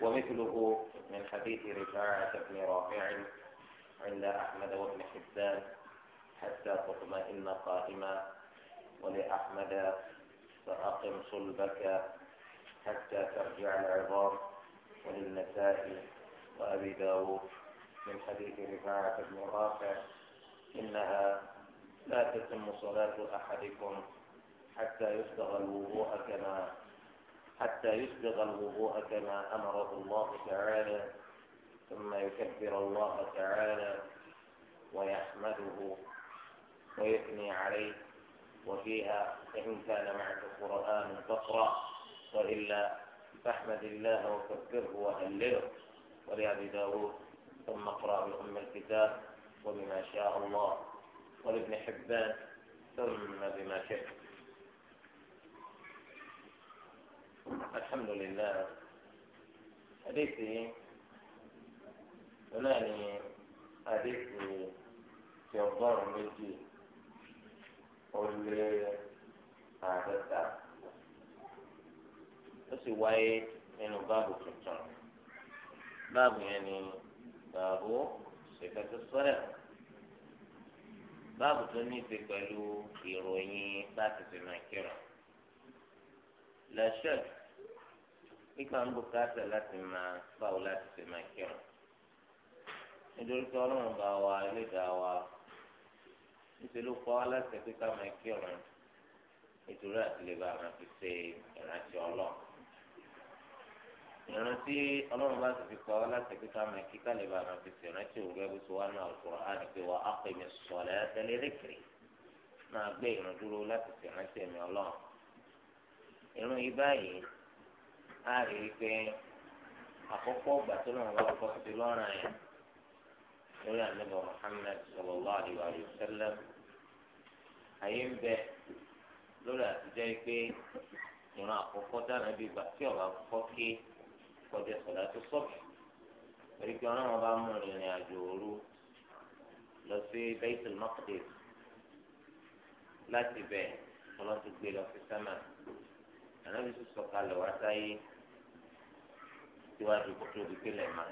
ومثله من حديث رفاعة بن رافع عند أحمد وابن حبان حتى تطمئن قائما ولأحمد فأقم صلبك حتى ترجع العظام وللنساء وأبي داود من حديث رفاعة بن رافع إنها لا تتم صلاة أحدكم حتى يصدغ الوضوء كما حتى يسبغ الوضوء كما أمره الله تعالى ثم يكبر الله تعالى ويحمده ويثني عليه وفيها إن كان معك قرآن تقرأ وإلا فاحمد الله وكبره وهلله ولأبي داود ثم اقرأ بأم الكتاب وبما شاء الله ولابن حبان ثم بما شئت alhamdulilayi adéṣe náà ni adéṣe ti ọgọ́rùn méjì ó lé àádọ́ta ó sì wáyé nínú báàbù tuntun báàbù yẹn ni báàbù ṣèkẹtù sọlẹ báàbù tó ní ti pẹ̀lú ìròyìn láti fi máa kírun lẹsẹkì kíkà ń bùkátà láti máa báwo láti ṣe máa kírun nítorí pé ọlọ́run bá wa ẹlẹ́dàá wa níṣẹ́ ló pa wá láti pé ká máa kírun nítorí àtìlẹ́bà máa fi ṣe ìrántí ọlọ́run ìrántí ọlọ́run bá ti fi pa wá láti pé ká máa kí kálíbà máa fi ṣe ìrántí òwúrọ̀ bí sọ wá náà ọ̀rọ̀ á ní pé wà á pè mí sọ̀lẹ́ tẹ́lẹ̀ rékìrì máa gbé ìrun dúró láti ṣe ìrántí ẹ̀mí ọlọ́run ìrun yìí báyìí á rí i pé àkọ́kọ́ ọgbà tó lọ́wọ́ bá kọ́ sí lọ́rùn yẹn lórí ànábì Muhammad sallallahu alaihi wa sallam àyè ń bẹ lórí àtijọ́ yìí pé ìran àkọ́kọ́ dáná bíi gbà tí ọba kọ́ kí kọjá sọ̀dá tó sọ̀kì torí pé ọlọ́run bá mú ìrìn àjò òru lọ sí Baitul Maqdis láti bẹ̀ ọlọ́run ti gbé lọ sí sámà ànábì sọ̀kalẹ̀ wá sáyé síwájú kó tó di pé lẹ́ẹ̀ma.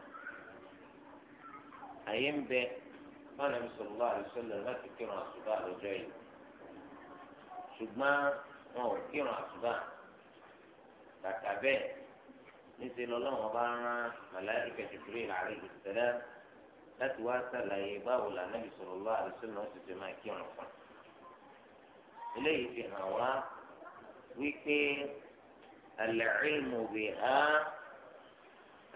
àyè ń bẹ fún Ànábì sallallahu alaihi wasallam láti kírun àsùbá lọ́jọ́ yìí ṣùgbọ́n wọn ò kírun àsùbá kàkà bẹ́ẹ̀ níṣẹ́ lọ́lọ́wọ́n bá rán màláìkà Jibril alayhi salam láti wá sàlàyé báwo l'Ànábì sallallahu alaihi wasallam ti ti máa kírun fún eléyìí fi hàn wá wípé al-ilmu biha.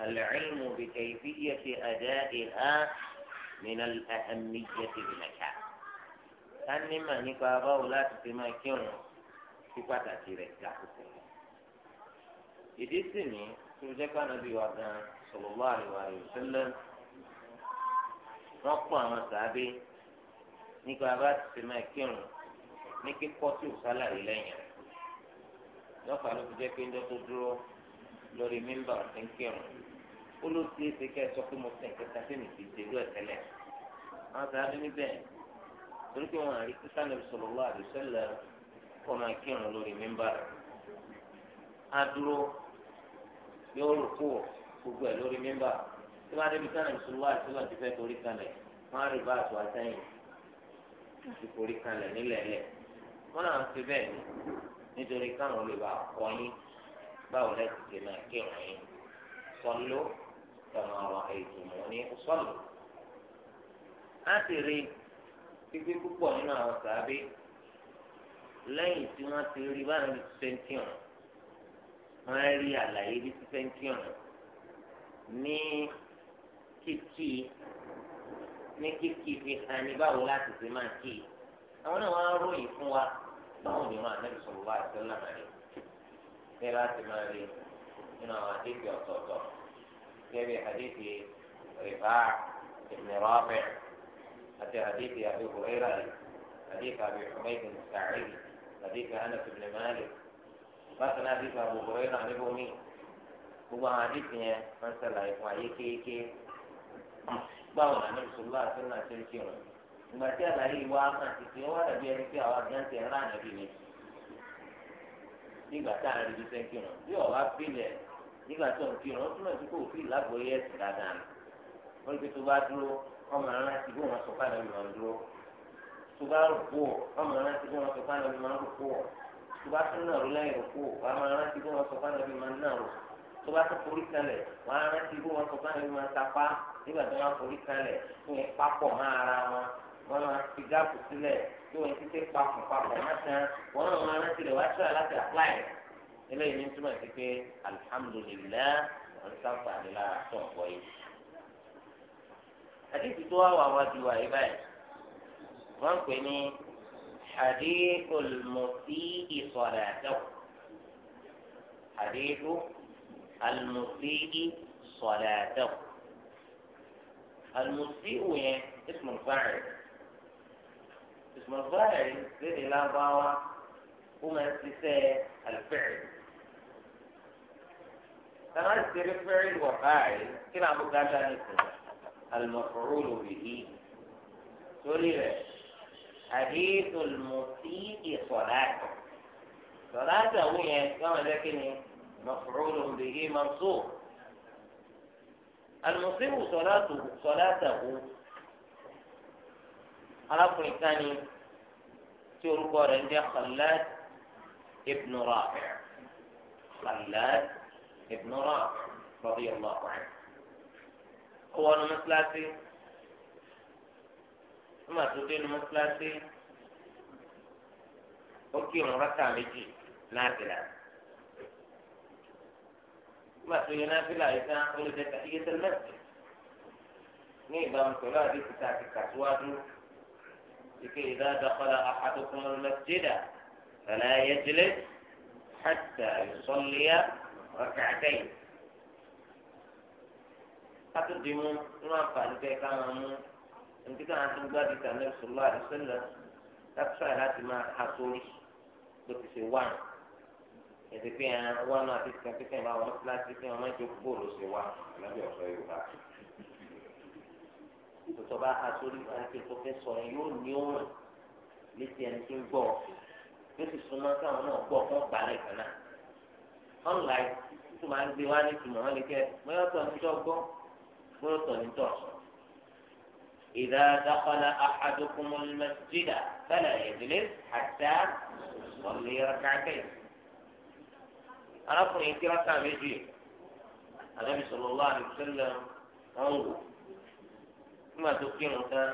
العلم بكيفية أدائها من الأهمية بمكان كان لما نقابا ولا تتما كيون في قطع تيرك ìdí sì ní tó jẹ́ ká nàbí wa gan sallallahu alaihi wa sallam wọ́n pọ̀ àwọn sàábé nípa bá ti máa kírun ní kíkọ́ tí ò sálàyé lẹ́yìn lọ́pàá ló fi jẹ́ pé ń dọ́ tó dúró lórí mímbà tí ń kírun ó ló ṣe é ṣe kẹ́ ẹ sọ pé mo sẹ̀ kẹta sí mi kì í ṣe irú ẹ̀ tẹ́lẹ̀ àwọn sàbẹ̀ níbẹ̀ torí pé wọn àrí kíkà nàbì sallallahu alaihi wasallam kọ́ máa kírun lórí mímbà rẹ̀ á dúró yóò rò kó gbogbo ẹ̀ lórí mímbà tí wọ́n á débi sànà ìṣòwò àti ìṣòwò àti fẹ́ torí kalẹ̀ wọ́n á rí bá àtúwà ti forí kalẹ̀ nílẹ̀ lẹ̀ wọ́n náà ń bẹ́ẹ̀ ni nítorí káwọn lè bá kọ́ báwo lẹ́sìn kama ra'aytumuni usalli. a sì rí pípé púpọ̀ nínú àwọn sàábé lẹ́yìn tí wọ́n ti rí báyìí ní sẹ́ńtíọ̀n wọ́n rí àlàyé ní sẹ́ńtíọ̀n ní kíkì ní kíkì fi hàn ní báwo láti ṣe máa kì í àwọn náà wọ́n á ròyìn fún wa báwo ni wọ́n ànábì sọ̀rọ̀ wá àti sẹ́lá rẹ̀ bẹ́ẹ̀ láti máa rí nínú àwọn àdéhùn ọ̀tọ̀ọ̀tọ̀. جاء حديث رفاع بن رافع حتى حديث أبي هريرة حديث أبي حميد الساعدي حديث أنس بن مالك بطن حديث أبو هريرة نبومي gbogbo àwọn àdìsí yẹn wọn ń ṣàlàyé fún ayé kéèké báwo ni àmì sọlá àti ọ̀nà àti ẹ̀kí wọn ìgbà tí àlàyé ìwà àmà títí wọn wà dàbí ẹni pé àwọn àgbọn ti nígbà tó ń kírun ó túmọ̀ sí kó òfin ìlàgbọ̀yé ẹ̀sìn dáadáa ni wọ́n ti tó bá dúró ọmọ ara ti bó wọn sọ fún àlọ́ ìmọ̀ dúró tó bá rò kú ọ ọmọ ara ti bó wọn sọ fún àlọ́ ìmọ̀ rò kú ọ tó bá tún náà rò lẹ́yìn rò kú ọ ọmọ ara ti bó wọn sọ fún àlọ́ ìmọ̀ náà rò tó bá tún forí kalẹ̀ wọn ara ti bó wọn sọ fún àlọ́ ìmọ̀ tapá nígbà tó wọn forí kalẹ̀ fún máa fi gáàpù sílẹ̀ tí wọn ti tẹ́ papọ̀ papọ̀ mọ́ tán wọn máa rántí rẹ̀ wá eléyìí ní túmọ̀ sí pé alihamudulilayi wọn sábà ní lára tó bọ̀ yìí. àdìsí tó wà wà wá ju wà yìí báyìí wọ́n ń pè ní hadithu almusi ìsọ̀dàdàwò hadithu almusi ìsọ̀dàdàwò almusi yẹn ismu fáàrin ismu fáàrin lédè lábáwá kó máa ń ṣiṣẹ́ alfẹ́rẹ́. تمام سير وفاعل كده عم بقاعد نفسه المفعول به سوري حديث المسيء صلاة صلاة هو إيه؟ كما لكن إيه؟ مفعول به منصوب المسيء صلاته صلاته أنا ثاني تقول قارن خلاد ابن رافع خلاد ابن رافع رضي الله عنه هو المسلسي ما تدين المسلسي وكي مرتع مجي نافلة ما تدين نافلة إذا قلت تحية المسجد نيبا مثلا دي كتاب الكسوات لكي إذا دخل أحدكم المسجد فلا يجلس حتى يصلي ركعتين أتقدموا ما فعل كيف أمامه أنت كان عندهم ذلك النبي صلى الله عليه وسلم تفسر هذه ما حصولش بكسي وان ètò pé ẹ wọn náà ti sàn pé sẹ́yìn bá wọn láti sẹ́yìn ọmọ ìjọ bóòlù ṣe wà lábẹ ọsọ yorùbá tòtò bá a sórí àti tó fẹ́ sọ yẹn yóò ní òun létí ẹni tó ń gbọ́ yóò sì súnmọ́ káwọn náà gbọ́ fún gbàlẹ kan náà unlike tó máa ń gbé wá ní tìmọ̀ wọn lè kẹ́ bóyá tó ní tọ́gbọ́n bóyá tó ní tọ́sọ̀. إذا دخل أحدكم المسجد فلا يجلس حتى يصلي ركعتين arákùnrin kí rákà méjì ànábì sallallahu alaihi wasallam wọn wò nígbà tó kírun tán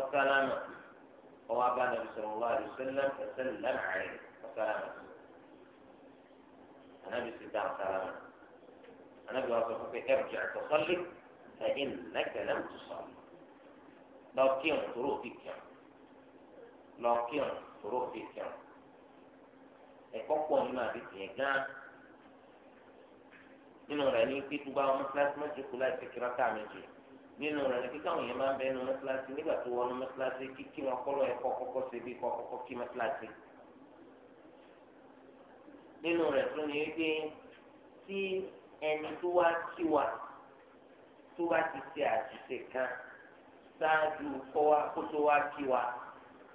ọkàlámà ọwọ abá ànábì sallallahu alaihi wasallam ẹsẹ lẹnà rẹ ọkàlámà النبي صلى الله عليه وسلم النبي ارجع تصلي فإنك لم تصلي لكن طرقك لكن طرقك ẹ̀kọ́ pọ̀ nínú àdìsí yẹn gán nínú rẹ̀ ní pé tó bá wọn mọ́sálásí méjì kú láti kíra ká méjì nínú rẹ̀ ní kíkà wọn yẹn máa ń bẹ nínú mọ́sálásí nígbà tó wọnú mọ́sálásí kíkí wọn kọ́lọ́ ẹ̀kọ́ kọ́kọ́ síbi kọ́kọ́ kí mọ́sálásí nínú rẹ̀ tó ní wípé tí ẹni tó wá kí wa tó bá ti ṣe àṣìṣe kan ṣáájú kó wá kó tó wá kí wa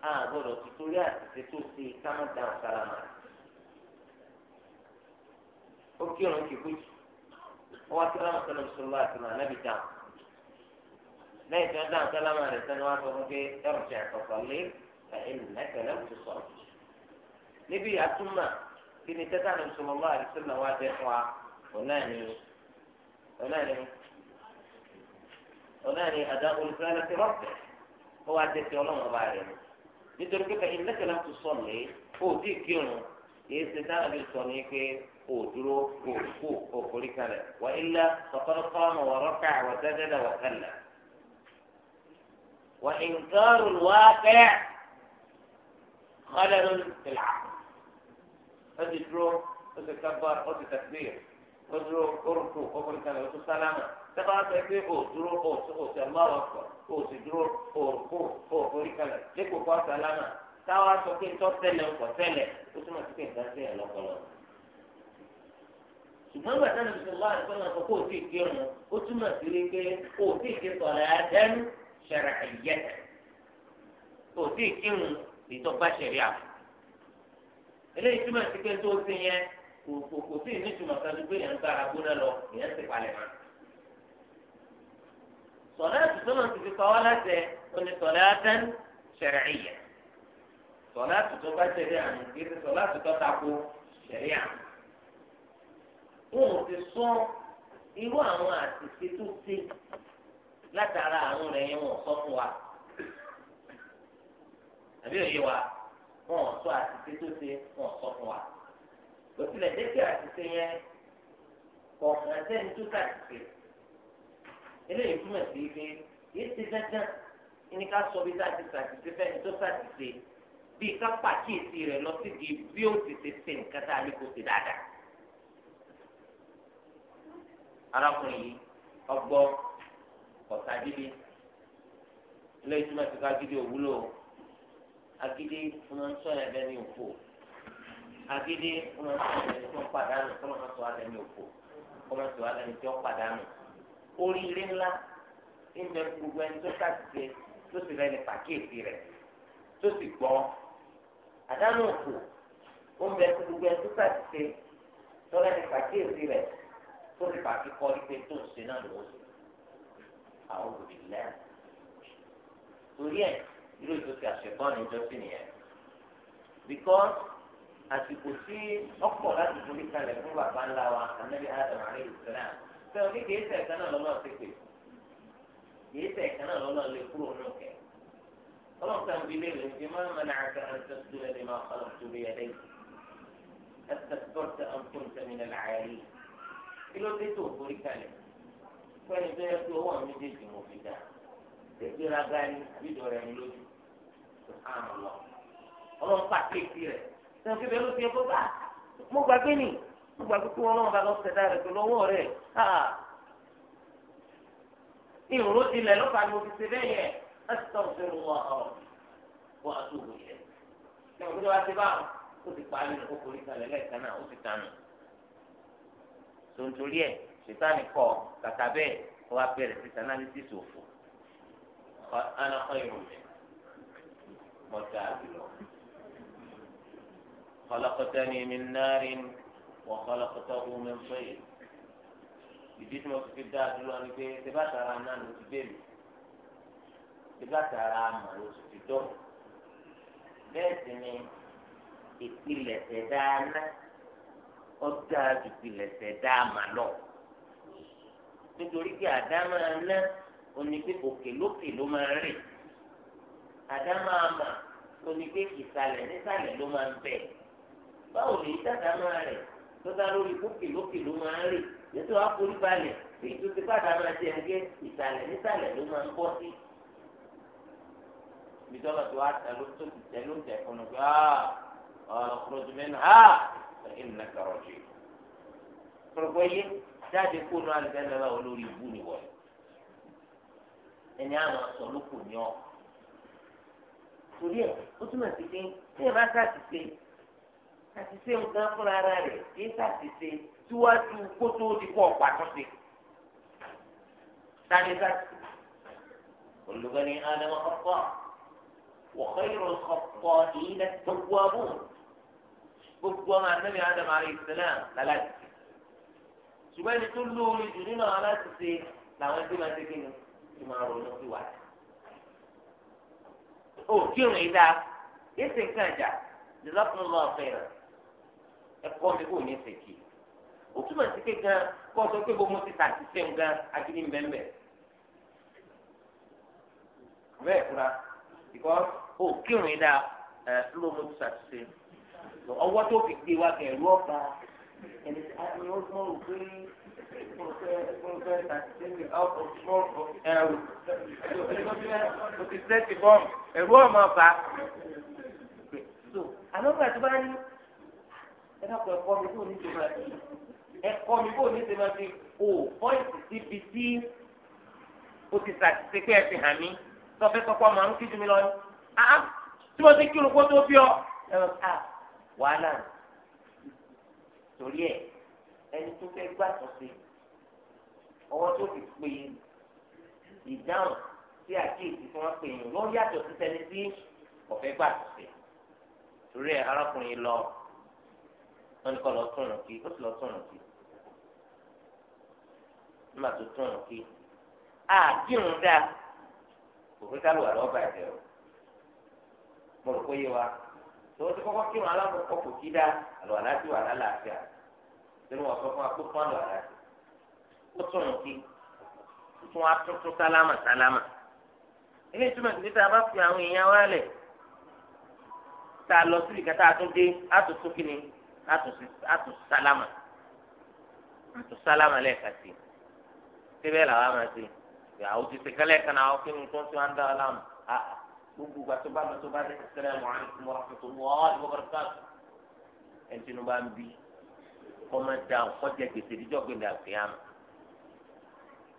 á gbọ́dọ̀ ti torí àṣìṣe tó ṣe ká má dá ọ̀sálámà. ó kí ọ̀run kìkú jù ó wá sálámà sọ́nà ìṣòro àti màá dáhùn. lẹ́yìn tí wọ́n dáhùn sálámà rẹ̀ sẹ́ni wá sọ fún pé ẹ̀rù ṣe lé ẹ̀yìn mẹ́tẹ̀lẹ́ kini kí ni tẹ́tà ní sọlọ́lá àdìsílẹ̀ wa jẹ́ fún wa ọ̀nàní ọ̀nàní ọ̀nàní àdá olùfẹ́lẹ́ ti rọ́pẹ̀ ó wá jẹ́ ti ọlọ́run ọba rẹ̀ ni nítorí pé kẹ́kẹ́ ilé kẹlẹ́ tó sọ ní kó o tí ì kírun èyí ti dáhà bí sọ ní pé kó o dúró kó o kó o forí kalẹ̀ wà ilá sọ̀kọ́rọ́ kọ́ọ̀mù wà rọ́kà wà dẹ́dẹ́dẹ́ wà kálẹ̀ wà ìǹkárù wá kẹ́ خلل في العقل ó ti dúró ó ti kábà ó ti tàgbé ó dúró orúkọ ọkùnrin kan ó tún sálámà sábà sọ pé ó dúró ó ti aláwọ̀ pọ̀ ó ti dúró orúkọ ọkùnrin kan dípò kọ́ sálámà táwa sọ pé ń tọ́ tẹ́lẹ̀ ń kọ́ tẹ́lẹ̀ ó túmọ̀ sí pé nǹkan tẹ́lẹ̀ lọ́pọ̀lọ́ ṣùgbọ́n gbàtà ní bisimilá àtúnṣe náà kó o ti kírun ó túmọ̀ sí wípé o ti ti sọ̀rọ̀ ẹ̀dẹ́nu eléyìí túmọ̀ sí pé tó ń sin yẹn kò kò kò sí ìnítumọ̀ kan ju pé yẹn ń gbára gbóná lọ yẹn ti palẹ̀ mọ́. sọ̀rọ̀ àti sọ́nà ti fi kọ́ wá láti oní sọ̀rọ̀ àtẹ́n ṣẹ̀rẹ̀ ìyẹ̀ sọ̀rọ̀ àti tó bá ṣẹ̀rẹ̀ àmì kìí sọ̀rọ̀ àti tó tako àmì. wọn ti sọ irú àwọn àtìsí tó ṣe látara àrùn rẹ̀ yẹn wọ́n sọ fún wa àbí òye wa wọn ò sọ àtìsí tó ṣe wọn ò sọ fún wa kò tilẹ̀ dé kí àtìsí yẹn kọ̀ ọ̀hún sẹ́ni tó ṣàtìsí eléyìí túmọ̀ sí pé yìí ti dandan ní ká sọ bí sáàtì ṣàtìsí fẹ́ni tó ṣàtìsí bí ká pàkíyèsí rẹ̀ lọ sí di bí ó ti ṣe ṣe nǹkan tá a lè kó ṣe dáadáa. arákùnrin yìí ọgbọ́ ọ̀sàdídé eléyìí túmọ̀ sí ká gidi òwúlò agídí ọmọ ń sọ ẹbẹ ní òfò agídí ọmọ ń sọ ẹbẹ tó ń padànù kọmọ ń sọ ẹbẹ ní òfò kọmọ ń sọ ẹbẹ tó ń padànù oríire ńlá ìmẹ gbogbo ẹni tó sàtìsẹ tó sì rẹ ní pàkíyèsí rẹ tó sì gbọ́ àdánù òfò ó ń bẹ gbogbo ẹni tó sàtìsẹ tó rẹ ní pàkíyèsí rẹ tó sì pàkí kọ́ ipe tó ń ṣe náà lọ́wọ́ sí àwọn olùdílé torí ẹ̀ irú ìtòsí àṣepọ́nì ìjọsìn nìyẹn because àsìkò tí ọkọ̀ láti forí kalẹ̀ fún bàbá ńlá wa anabi adam alayhi salam ṣe o ní kìí ṣe ẹ̀ka náà lọ́nà ti pè kìí ṣe ẹ̀ka náà lọ́nà lè kúrò ní òkè ọlọ́run kan bí léèrè ṣe máa ń mẹ́nà àti àǹtẹ̀sí lẹ́ni máa kọ́lọ̀ tó bí ẹ̀dẹ́ yìí ẹ̀sẹ̀ tọ́tẹ̀ ọ̀tún tẹ̀mínà láàárín kí ló dé tó forí kalẹ̀ fẹ́ni tó yẹ kí owó àwọn méjèèjì mọ̀ fi dà àrùn lọ ọlọ́run pàkíyèsí rẹ̀ sẹ́wọ́n kébé ló fi ẹ kó bá mo gbàgbé nì mo gbàgbé kí wọ́n lọ́wọ́ bá lọ sẹ̀dá rẹ̀ pẹ̀lú ọwọ́ rẹ̀ ìrònú tilẹ̀ lọ́pàá ni mo fi ṣe bẹ́ẹ̀ yẹn láti tọ́ òfin wọn ọ̀rọ̀ wọn àtúwò yẹn sẹ́wọ́n kébé wá ti bá ó ti parí ní kókòrí kalẹ̀ lẹ́ẹ̀kan náà ó ti tanù tontori ẹ̀ sitani kọ kàkà bẹ́ẹ̀ wọ́n á bẹ̀rẹ̀ sí sanálísìsì òfò ọ̀nà ọ̀yọ̀ متاع خلقتني من نار وخلقته من طين ìdí tí mo fi fi dáa dúró ni pé ṣe bá tara náà ló ti bèèrè ṣe bá tara àmà ló ti fi dọ̀ bẹ́ẹ̀ sì ni ìpìlẹ̀ ṣẹ̀dá aná ó dáa ju ìpìlẹ̀ ṣẹ̀dá àmà lọ nítorí pé àdámà aná onígbé òkè lókè ló máa rìn àdámà àmà tóní pé ìsàlẹ̀ nísàlẹ̀ ló máa ń bẹ̀. báwo ni ìtàkà máa rẹ̀ tó dá lórí kókè lókè ló máa ń rè yẹtò àforí balẹ̀ bí ìtòsí padà máa jẹ ẹgbẹ́ ìsàlẹ̀ nísàlẹ̀ ló máa ń bọ́ sí. ìjọba tó wá tẹ̀ló tó ti tẹ̀ló tẹ̀ fúnnu pé ah, ọ̀rọ̀ kúròjùmẹ́nu ha ah, ẹ̀yìn nà kọ̀rọ̀ jù. pọ̀lọ́pọ̀ yé jáde kónú alẹ́ fẹ́ olórí ibú ni wọ̀ ẹni àwọn sọ̀lókò ni ọ̀ torí ẹ̀ ó túmọ̀ sí pé tí ìbá ṣàtìṣe àtìṣe nǹkan fúnra ara rẹ̀ kì í ṣàtìṣe síwájú kó tó di kó ọ̀pá tó ṣe. ثاني ذات كل بني آدم خطاء وخير الخطائين التوابون gbogbo ọmọ anabi adam alayhi salam lálàtì ṣùgbọ́n ẹni tó lóore jù nínú aláṣìṣe làwọn ẹgbẹ́ máa ṣe kíni tí máa ronú sí wàá ó oh, kírun yìí dáa yìí sì ń kàn jà lọ́kùnrin lọ́wọ́ fẹ́ rẹ̀ ẹ̀kọ́ mi kò ní sèkì ó túmọ̀ sí pé gan kó sọ pé gbogbo ti tà sí sẹ́wọ̀n gan agídí mbẹ́mbẹ́ bẹ́ẹ̀ fura ìkọ́ ó kírun yìí ẹ̀ ló mo ti sàtúnṣe ọwọ́ tó fi gbé wa kẹ̀ ẹ̀rú ọ̀pá ẹni tí a ní ó mọ̀ rò ẹrù o ti sẹ́ẹ̀tì bọ́ọ̀mù ẹ̀rú ọ̀mọ̀ ọ̀fà. àlọ́gbà tó bá ní ẹ dàpọ̀ ẹ̀kọ́ mi kò ní ti máa fi ẹ̀kọ́ mi kò ní ti máa fi o pọ́ìntì síbi tí o ti sàtìsẹ́ pé ẹ ti hàn mí sọfẹ́ sọpọ́ màá ń kíjú mi lọ ní. tí mo ti kírun kó tó bí ọ ẹ̀rọ ká wàhálà torí ẹ̀ ẹni tó fẹ́ gbà tó ṣe ọwọ́ tó fi pè ìdáhùn sí àkíyèsí tí wọ́n pè yín lórí àtọ̀ títẹni sí ọ̀fẹ́ gbà tẹ̀sẹ̀ torí ẹ̀ arákùnrin lọ wọn ni kọ́ lọ tún ọ̀nà kí ó sì lọ tún ọ̀nà kí nígbà tó tún ọ̀nà kí àdìrún dáa òfin kálùwà lọ́ọ́ bàjẹ́ o mo rò pé yé wa tó ti kọ́kọ́ kírun alákọ̀ọ́kọ́ kò kí dáa àlọ́ àlájú wà lálàáfíà tí wọ́n fún akókó àlọ́ àlájú ó tún un kí tún á tún tún sálámà sálámà ilé ìtumọ̀ ìdílé tá a bá fi àwọn èèyàn wá lẹ̀ tá a lọ sí ìka tá a tún dé a tún sálámà a sálámà lẹ́ẹ̀ka sí i síbẹ̀ làwọn máa ṣe àwọn ti sèkálẹ̀ kan náà kí ni tó ń tún á ń dá aláàmù àà gbogbo ìgbà tó bá lọ tó bá dé assalamu alaikum wa rahmatullahi wa barakatuh ẹni tí inú bá ń bí kọ́ máa da ọkọ̀ gbèsè díjọ́ gbèdà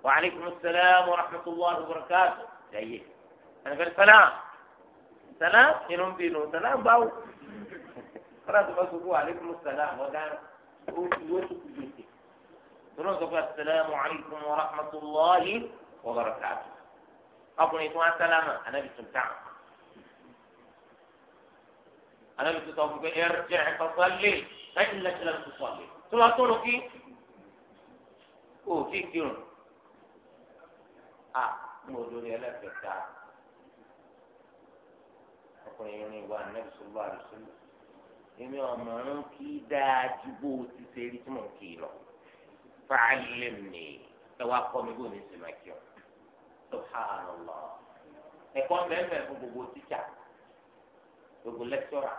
وعليكم السلام ورحمة الله وبركاته جيد أنا قال سلام سلام ينوم بينو سلام باو خلاص بس هو عليكم السلام ودان السلام عليكم ورحمة الله وبركاته أبو توان أنا بسمتع أنا بسمتع ارجع فصلي فإنك لم تصلي ثم أقول لك أوه a ń wo lórí ẹlẹ́kẹta ọkùnrin ní ìwà nẹ́bí sọ́lá àdùsọ́lá èmi ọmọ ń kí dáa ju bó o ti ṣe rí tí mò ń kí lọ fàálẹ̀ mi ẹ wá kọ́ mi bó ní sinmi kí ọ subhanallah ẹ̀kọ́ mẹ́mẹ́ fún gbogbo tíjà gbogbo lẹ́kítọ́rà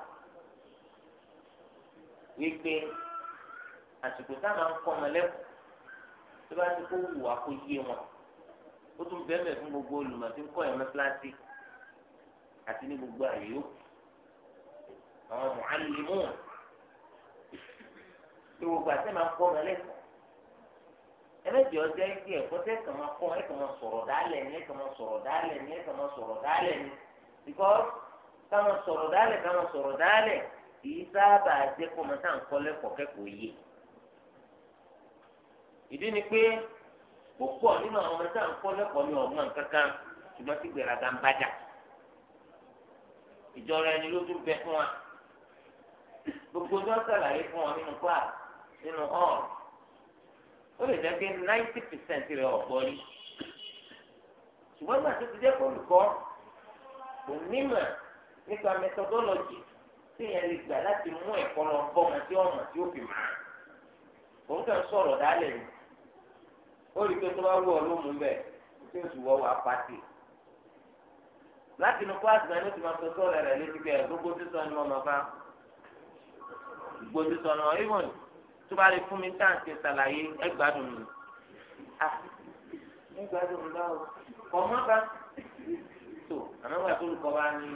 wípé àsìkò táwọn ń ọmọ lẹ́kọ̀ọ́ tó bá ti kó wù wá kó yé wọn ó tún bẹ́ẹ̀ fún gbogbo olùmọ̀ tí ń kọ́ ẹ̀mọ́ kíláàsì àti ní gbogbo àyè ó àwọn mùhálímù ní gbogbo àti máa kọ́ ọmọ ẹlẹ́kọ̀ọ́ ẹlẹ́jọ́ ọjọ́ ẹgbẹ́ ẹ̀kọ́ tẹ́ kàn máa kọ́ ẹ̀kàn máa sọ̀rọ̀ dálẹ̀ ni ẹ̀kàn máa sọ̀rọ̀ dálẹ̀ ni ẹ̀kàn máa sọ̀rọ̀ dálẹ̀ ni because ká máa sọ̀rọ̀ dálẹ̀ ká máa sọ̀rọ̀ dálẹ̀ kì í sábà jẹ́ kó máa tá ń kọ́ lẹ́kọ̀ọ́ kẹ́kọ̀ọ́ yé ìdí ni pé púpọ̀ nínú àwọn ọmọ tá à ń kọ́ lẹ́kọ̀ọ́ ní ọ̀gbọ́n kankan ṣùgbọ́n tí gbèrágà ń bájà ìjọra ẹni ló tún bẹ fún wa gbogbo ọjọ́ sàlàyé fún wa nínú class nínú hall ó lè jẹ́ pé ninety percent rẹ̀ ọ̀pọ̀ rí ṣùgbọ́n gbà tó ti jẹ́ kó olùkọ́ kò nímọ̀ nípa methodology tí yẹn lè gbà láti mú ẹ̀kọ́ lọ bọ́ ọmọ tí ọmọ tí ó fi mọ̀ ọ́n kàn sọ̀rọ̀ dálẹ̀ ni ó rí pé tó bá wù ọ ló mú bẹ́ẹ̀ tí o sì wọ wà pàtì. láti inú kíláàsì náà ni ó ti máa sọ sọ́ọ̀rọ̀ rẹ̀ létí pé gbogbo sísọ ni wọ́n máa bá gbogbo sísọ náà even tó bá lè fún mi tá à ń ṣàlàyé ẹgbàdùn mi. Ah, ẹgbàdùn mi báwo kọ̀ọ̀mọ́ bá tó àmọ́ wà tó lùkọ́ bá ní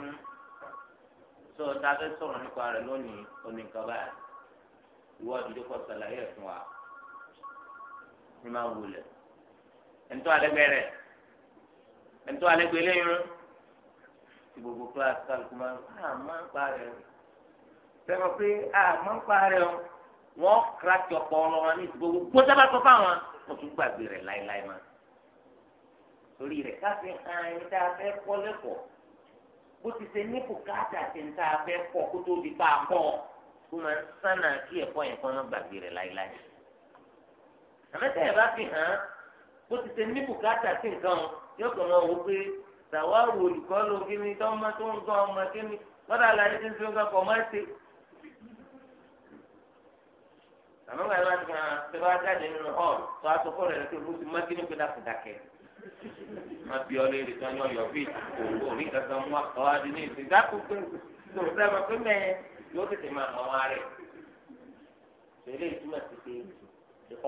tó ta sọ̀rọ̀ nípa rẹ̀ lónìí oníkan báyìí ìwọ àdúgbò kọ́ ṣàlàyé ẹ̀ fún wa. Ní máa wulẹ̀ ẹ̀ńtọ́ alẹ́gbẹ̀rẹ̀ ẹ̀ńtọ́ alẹ́gbẹ̀lẹ́ irun ti gbogbo kíláàsì kálukú máa ń à ah, máa ń pa rẹ̀ sẹ́wọ́n pé à ah, máa ń pa rẹ̀ o wọ́n kíláàsì ọ̀pọ̀ ọlọ́wọ́n ní gbogbo gbọ́dábà sọ fáwọn wọ́n tún gbàgbé rẹ̀ láéláé máa torí rẹ̀ káfí hàn ẹni tá a fẹ́ kọ́ lẹ́kọ̀ọ́ bó ti ṣe ní bùkátà ti ń tá a fẹ́ kọ́ kó tó di bá a kọ́ kó máa ń sánà kí ẹ̀kọ́ yẹn kọ́ náà gbàgbé rẹ̀ láéláé àmẹ́tẹ́ ẹ̀ bá fi hàn bó ti ṣe ní bùkátà sí nǹkan o yóò kàn máa wò pé sàwárò olùkọ́ ló kí ni tó ń tó ń gbọ́ ọmọ kí ni lọ́dà láyé tí ń fi nǹkan kọ̀ máa ṣe. àmọ́ báyìí wá ti hàn pé wá jáde nínú hall tó a sọ fọ́ọ̀rọ̀ rẹ̀ pé olú ti má kí ni pé láti dàkẹ́. má bí ọ léèrè tán ní ọyọ bíi òwò orí kankan mú àwọn adi ní ìsìn dákú pé tó sábà pé mẹ́ẹ̀ yóò tètè máa mọ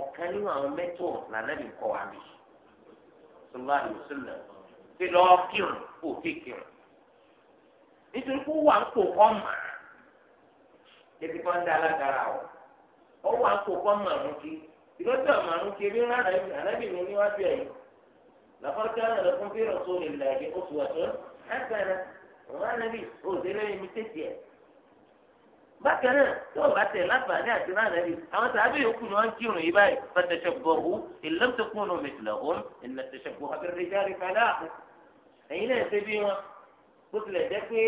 ọ̀kan nínú àwọn mẹ́tò lànàbì kọ̀ wá bí sọlá ìwòsílẹ̀ ti lọ kírun kó o ti kírun nítorí kó wà ń kó kọ́ mà á ebi kọ́ ń alágara o ó wà ń kó kọ́ mà á mú kí ìgbésẹ̀ mà ebi ńlá ànábì mi níwájú ẹ̀yìn làkọ́jà náà lọ́kùn bí rọ̀tún ìlẹ̀ ẹ̀jẹ̀ oṣù ọ̀tún ẹ̀sẹ̀ rẹ̀ wọ́n á nàbì òṣèlè mi tètè ẹ̀. bákan náà tí wọn bá tẹ láǹfààní àti náà nàbí àwọn sàbẹ yòókù ni wọn kírun yìí báyìí fẹtẹsẹ gbọhu ìlọtẹkùn ní mẹsìlẹ ọhún ìlọtẹsẹ gbọhu abẹrẹ járe padà ẹyin náà ṣe bí wọn bó tilẹ̀ jẹ́ pé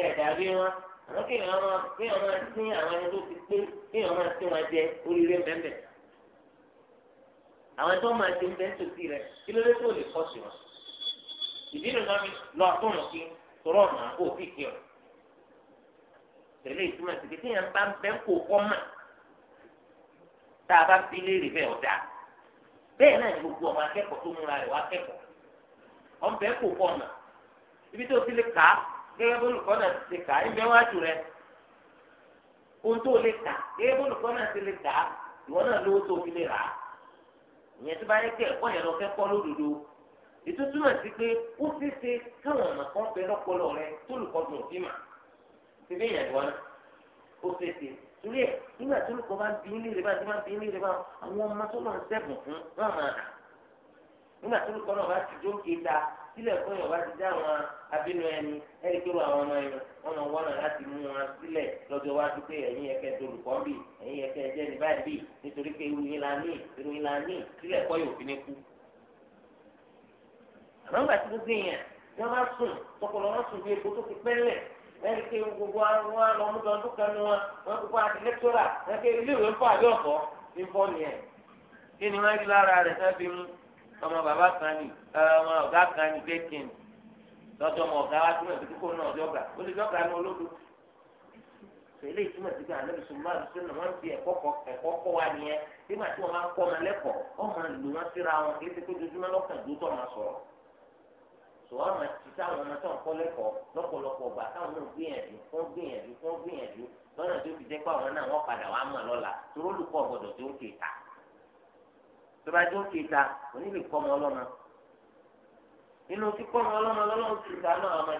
ẹ̀ dàbí wọn àwọn kéèyàn máa kéèyàn máa sin àwọn ẹni tó ti pé kéèyàn máa sin wọn jẹ oríire mẹ́mẹ́ àwọn tó máa ṣe ń bẹ́ sòtì tẹ̀lé ìtumọ̀ sí kékeré yẹn bá ń bẹ́ kó ọmọ tá a bá fi léèrè bẹ́ẹ̀ ọ̀dà bẹ́ẹ̀ náà ni gbogbo ọmọ akẹ́kọ̀ọ́ tó múra rẹ̀ wá kẹ́kọ̀ọ́ ọmọ bẹ́ẹ̀ kó ọmọ ibi tó ti lè kà á gẹ́gẹ́ bó olùkọ́ náà ti kà á ìbẹ́ wájú rẹ̀ ohun tó lè kà gẹ́gẹ́ bó olùkọ́ náà ti lè kà á ìwọ náà lówó tó fi lè rà á ìyẹn tó bá yẹ kẹ́ ẹ̀kọ́ yẹn lọ fẹ́ lódodo ètò sí pé ó ṣeé ṣe káwọn ọ̀nà kan bẹ lọ́pọlọ rẹ tó olùkọ́ dùn òfin mà síbí ìyẹn ni wọn náà ó fèsì torí ẹ nígbà tí olùkọ́ bá ń bí ní ìrẹ́bà tí wọ́n bí ní ìrẹ́bà àwọn ọmọ tó lọ ń sẹ́gun fún wọn máa dà nígbà tí olùkọ́ náà bá ti jó kéta sílẹ̀ fún yọ̀ọ́ bá ti dá àwọn abínú ẹni ẹni tó lọ àwọn ọmọ ẹni wọn lọ wọ́n náà láti mú wọn sílẹ̀ lọ́jọ́ wájú pé ẹ̀yin ẹ̀kẹ́ tó olùkọ́ bì ẹ̀yin ẹ̀kẹ́ jẹ́ ní báyìí bì nítorí pé ẹni pé gbogbo àwọn ọmọdọ̀ọ́dún kan ni wọn wọn gbogbo àti lẹ́kítọ́rà wọn pé ilé ìwé ń fọ àbí ọ̀fọ́ ń fọ́ ni ẹ̀. kí ni wọ́n rí lára rẹ̀ fẹ́ fi mú ọmọ bàbá kan ní ọmọ ọ̀gá kan ní bẹ́ẹ̀kìn lọ́jọ́ ọmọ ọ̀gá wa túmọ̀ sí kíkó náà jọ́gà ó lè ní wọ́n máa ti táwọn ọmọ tó ń kọ́ lẹ́kọ̀ọ́ ọgbà táwọn náà gbìyànjú wọ́n gbìyànjú wọ́n gbìyànjú lọ́nà tó fi jẹ́ pé àwọn náà wọ́n padà wá mọ̀ lọ́la torí olùkọ́ gbọ́dọ̀ tó ń kéta tó bá tó ń kéta òní lè kọ́ ọmọ ọlọ́mọ inú kíkọ́ ọmọ ọlọ́mọ lọ́lọ́run ti ta náà ọmọ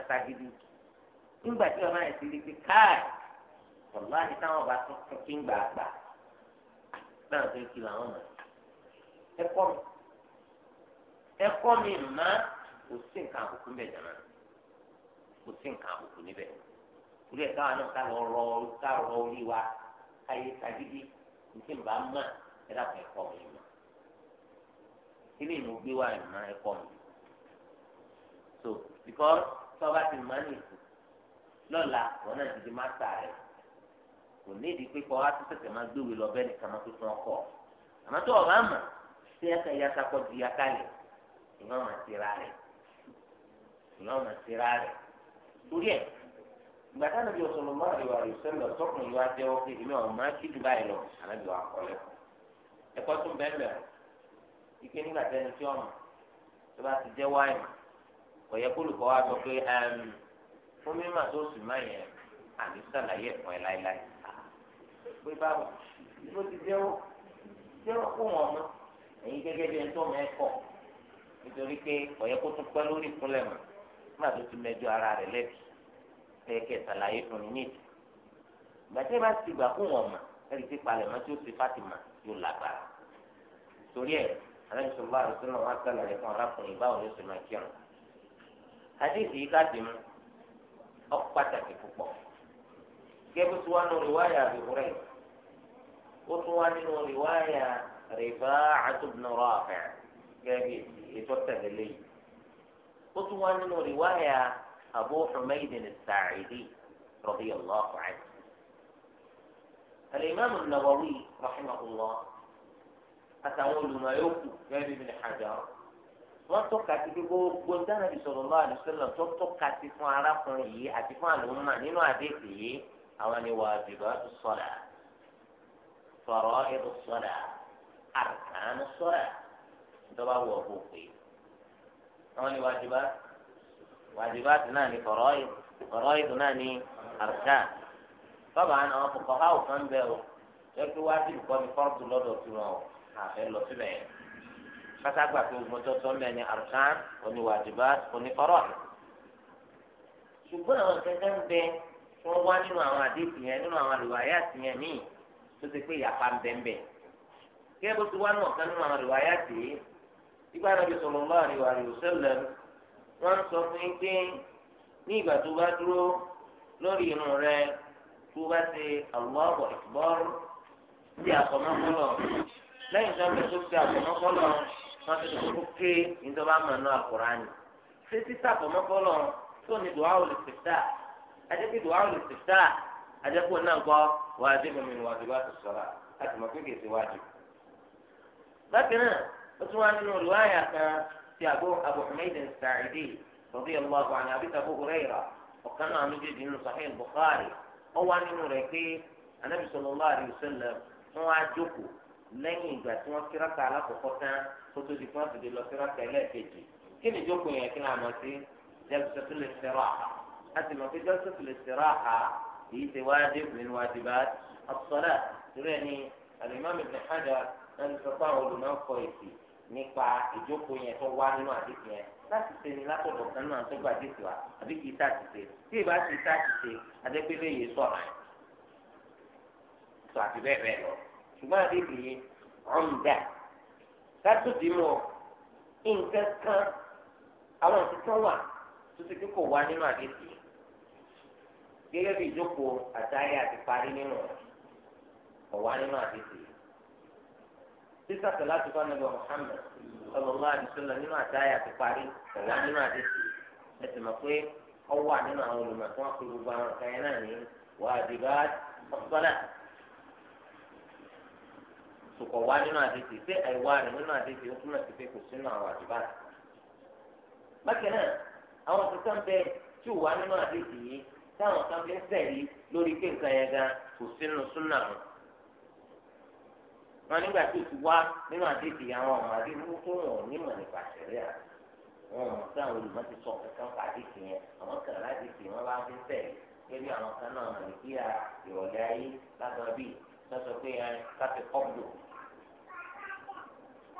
náà torí máa nígbà tí ọmọ yẹn ti di pé káì ọ̀la ni táwọn bá tún tún kí ń gbà àgbà náà tó ń kí làwọn mọ̀ ẹ̀kọ́ mi ẹ̀kọ́ mi má kò sí nǹkan àbùkù ń bẹ̀ jàmá kò sí nǹkan àbùkù níbẹ̀ orí ẹ̀ka wa náà ká lọ rọ ká rọ orí wa káyé sagídí nítorí bá mọ̀ ẹ̀dá kan ẹ̀kọ́ mi mọ̀ ilé ìmọ̀ gbé wa ìmọ̀ ẹ̀kọ́ mi so because tọ́ba ti mọ̀ ní ìsìn lọ́la wọn náà ti di máta rẹ̀ kò ní ìdí pípọ̀ á ti tẹ̀sẹ̀ máa gbéwèé lọ bẹ́ẹ̀ nìkan máa tuntun ọkọ̀ àmọ́ tó ọ̀rọ̀ àmọ̀ tí ẹ̀ka ìyáta kọ́ di yaka lẹ̀ ìwọ́n máa tira rẹ̀ ìwọ́n máa tira rẹ̀ torí ẹ̀ ìgbà táwọn ibi ọ̀sọ̀rọ̀ máa rí wàrí sẹ́lẹ̀ ọ̀sọ́kùnrin yóò jẹ́wọ́ pé èmi ọ̀rọ̀ máa kí dubai lọ àlájọ àkọlẹ̀ ẹ̀kọ́ fún mímà tó sì má yẹn àmì sàlàyé ẹ̀fọn ẹ̀ láéláé pé báwo bó ti jẹ́wọ́ jẹ́wọ́ fún wọn mọ́ ẹ̀yin gẹ́gẹ́ bí ẹni tó mọ̀ ẹ́ kọ̀ nítorí pé ọ̀yẹ́ kó tún pẹ́ lórí ìkúnlẹ̀ mọ́ má tó ti mẹjọ ara rẹ̀ lẹ́bi kẹ́kẹ́ sàlàyé fún mi níìtì gbàtẹ́ bá ti gbà fún wọn mọ̀ ẹ̀rí ti palẹ̀ mọ́ tí ó ti Fatima yóò lágbára torí ẹ̀ alẹ́sọ̀rọ̀ bá àrùsọ̀rọ̀ wọn sàlàyé ọpàtàkì púpọ̀ gẹ́gẹ́ tí wọ́n nù rìwáyà Abi Hurayra ó tún wá nínú rìwáyà Rifa'atu ibn àfẹ́, gẹ́gẹ́ ètò tẹ̀lé yìí. ó tún wá nínú rìwáyà Abu Humayd as-Sa'idi radiyallahu anhu. الإمام النووي رحمه الله أتولى ما يوكل جابر بن حجر wọ́n tọ́ka sí pé gbogbo dáná bí sọ̀rọ̀ lọ́wọ́ àdìsọ́lọ̀ tó tọ́ka sí fún arákùnrin yìí àti fún àlùmọ́ nínú àdéhùn yìí àwọn ni wajibatu sọ̀rà faraidu sọ̀rà arkanu sọ̀rà ìjọba wọ̀ kó pé àwọn ni wajibatu wajibatu náà ni faraidu faraidu náà ni arkan bàbá àwọn kòkòrò àwọn kan bẹ́ẹ̀ o ẹgbẹ́ wájú kọ́ ni fọ́ọ̀tù lọ́dọ̀ tó náà àfẹ́ lọ síbẹ̀ yẹn káságbà pé ogun tọ́tọ́ mẹ́ ni arkan oníwàdìbá onífọ́rọ́ ṣùgbọ́n àwọn kẹ́kẹ́ ń bẹ tí wọ́n wá nínú àwọn àdéhùn yẹn nínú àwọn àlùwáyà tì yẹn míì tó ti pé ìyapa ń bẹ́ńbẹ́ kí ẹ bó ti wá nù ọ̀kan nínú àwọn àlùwáyà tì í ìgbà nàbí sọ̀rọ̀ lọ́wọ́ àríwá àríwá sẹ́lẹ̀ wọ́n sọ fún pé ní ìgbà tó bá dúró lórí irun rẹ tó bá ti àlùwọ́ ìbọ́rù sí àkọ́mọ́kọ́lọ́ lẹ́yìn tó tó ti àkọ́mọ́kọ́lọ́ wọn ti dùkú ké ìjọba mọ̀nà àkùránì ṣé títà pọ̀mọ́fọ́lọ́ tó ní dùwà òlù tìftà àjẹpẹ́ dùwà òlù tìftà àjẹpẹ́ náà gbọ́ wà á dé mọ̀mí ni wà á dé bá tó sọ̀rọ̀ láti mọ̀ kéèké sí wájú. bákan náà ó tún wá nínú olùwáyà kan ti àbú Abu Humayd as-Sa'idi radiyallahu anhu àbí Abu Hurayra ọ̀kan náà méjèèjì nínú Sahih Bukhari ó wá nínú rẹ̀ pé anábìsọ̀lọ́lá àdìsẹ́lẹ̀ wọn á jókòó lẹ́yìn ìgbà tí wọ́n kíráka alákọ̀ọ́kọ́ tán kó tó di fún àtúndì lọ kíráka ẹlẹ́ẹ̀kejì kí ni ìjókòó yẹn kí ni a mọ̀ sí jẹ́bùsọ̀tún lè sẹ̀rọ̀ àhà a ti mọ̀ sí jẹ́bùsọ̀tún lè sẹ̀rọ̀ àhà kìí ṣe wájib min wajibat as-salat rẹ̀ ni al-imam ibn hajar ẹni sọ fún àwọn olùmọ̀ọ́kọ èsì nípa ìjókòó yẹn tó wá nínú àdéhùn yẹn láti ṣe ni látọ̀dọ̀ kan náà tó gbà déhùn wa àbí kìí tá ti ṣe tí ì bá ti tá ti ṣe adépélé yìí sọ̀rọ̀ àti bẹ́ẹ̀ bẹ́ẹ̀ lọ ṣùgbọ́n àdébì yìí ọ̀ǹda látòdì mọ́ nǹkan kan àwọn òtítọ́ wà tó ti kí kò wá nínú àdébì yìí gẹ́gẹ́ bí ìjókòó àtàyè àti parí nínú kò wá nínú àdébì yìí sísá sọlá tó bá nàbẹ Muhammad sọlọlá àdìsọlá nínú àtàyè àti parí kò wá nínú àdébì yìí ẹ sì mọ̀ pé ọ wà nínú àwọn olùmọ̀ tí wọ́n fi gbogbo àwọn kan yẹn náà ní wàá dìbà ọ̀sọ́lá sòkò wá nínú àdéhìí ṣé àìwá rẹ̀ nínú àdéhìí ó túmọ̀ sí pé kò sínú àwọn àdìbà rẹ̀. bákan náà àwọn kankan bẹ tí ò wá nínú àdéhìí yìí táwọn kan fi ń sẹ̀rí lórí pé nǹkan yẹn gan kò sínú súnà wọn. wọn nígbà tí ó ti wá nínú àdéhìí àwọn ọmọ àdéhìí tó wọn ò ní mọ̀ nípa ṣẹ̀ríà wọn mọ̀ sí àwọn olùmọ̀ ti sọ kankan pa àdéhìí yẹn àwọn kan láti fi wọn bá fi ń sẹ̀rí lọ́sọ̀ pé ẹ káfí kọ́bùlù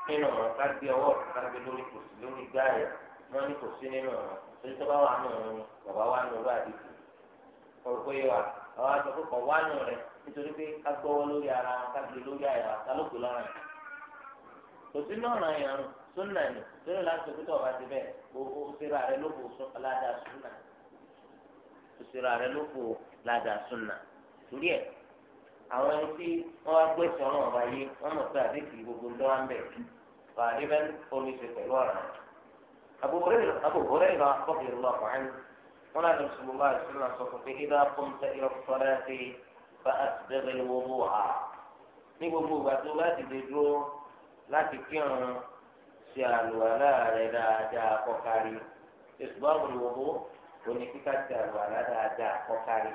nínú ọ̀rọ̀ ká gbé ọwọ́ ká gbé lórí kò sí lórí gáàyà wọ́n ní kò sí nínú ọ̀rọ̀ torí tó bá wà nù ọ̀run bàbá wà nù ọ̀rọ̀ àdìsí orúkọ yìí wà àwọn àtọkọ kọ wà nù rẹ nítorí pé ká gbọ́wọ́ lórí ara ká gbé lórí àyà ká ló kù lọ́rùn kò náà ràn yàn rùn súnà ni lórí láti òkú tó ọba ti bẹ́ẹ̀ o sèrè àrẹ ló kù ládàá súnà o sèrè àrẹ ló kù ládàá súnà torí ẹ̀ àwọn ẹni tí wọ́n wá gbé sọ̀rọ̀ wọn wáyé wọ́n mọ̀ pé àdéhùn gbogbo ń dọ́wà ń bẹ̀ fàdé bẹ́ẹ̀ omi ṣe pẹ̀lú ọ̀ràn. Abu Hurairah kọ́kì ló wà fún wọn láti sùnmù bá àti sùnmù sọ fún pé kí dáa fún tẹ ìrọ̀ sọ́dá sí bá a ti dẹ́gbẹ́ ní gbogbo wa. ní gbogbo ìgbà tó láti lè dúró láti kírun ṣe àlùwàlá rẹ̀ dáadáa kọ́kárí. ìṣùgbọ́n ìwòwò òní kíkà ṣe àlùwàlá dáadáa kọ́kárí.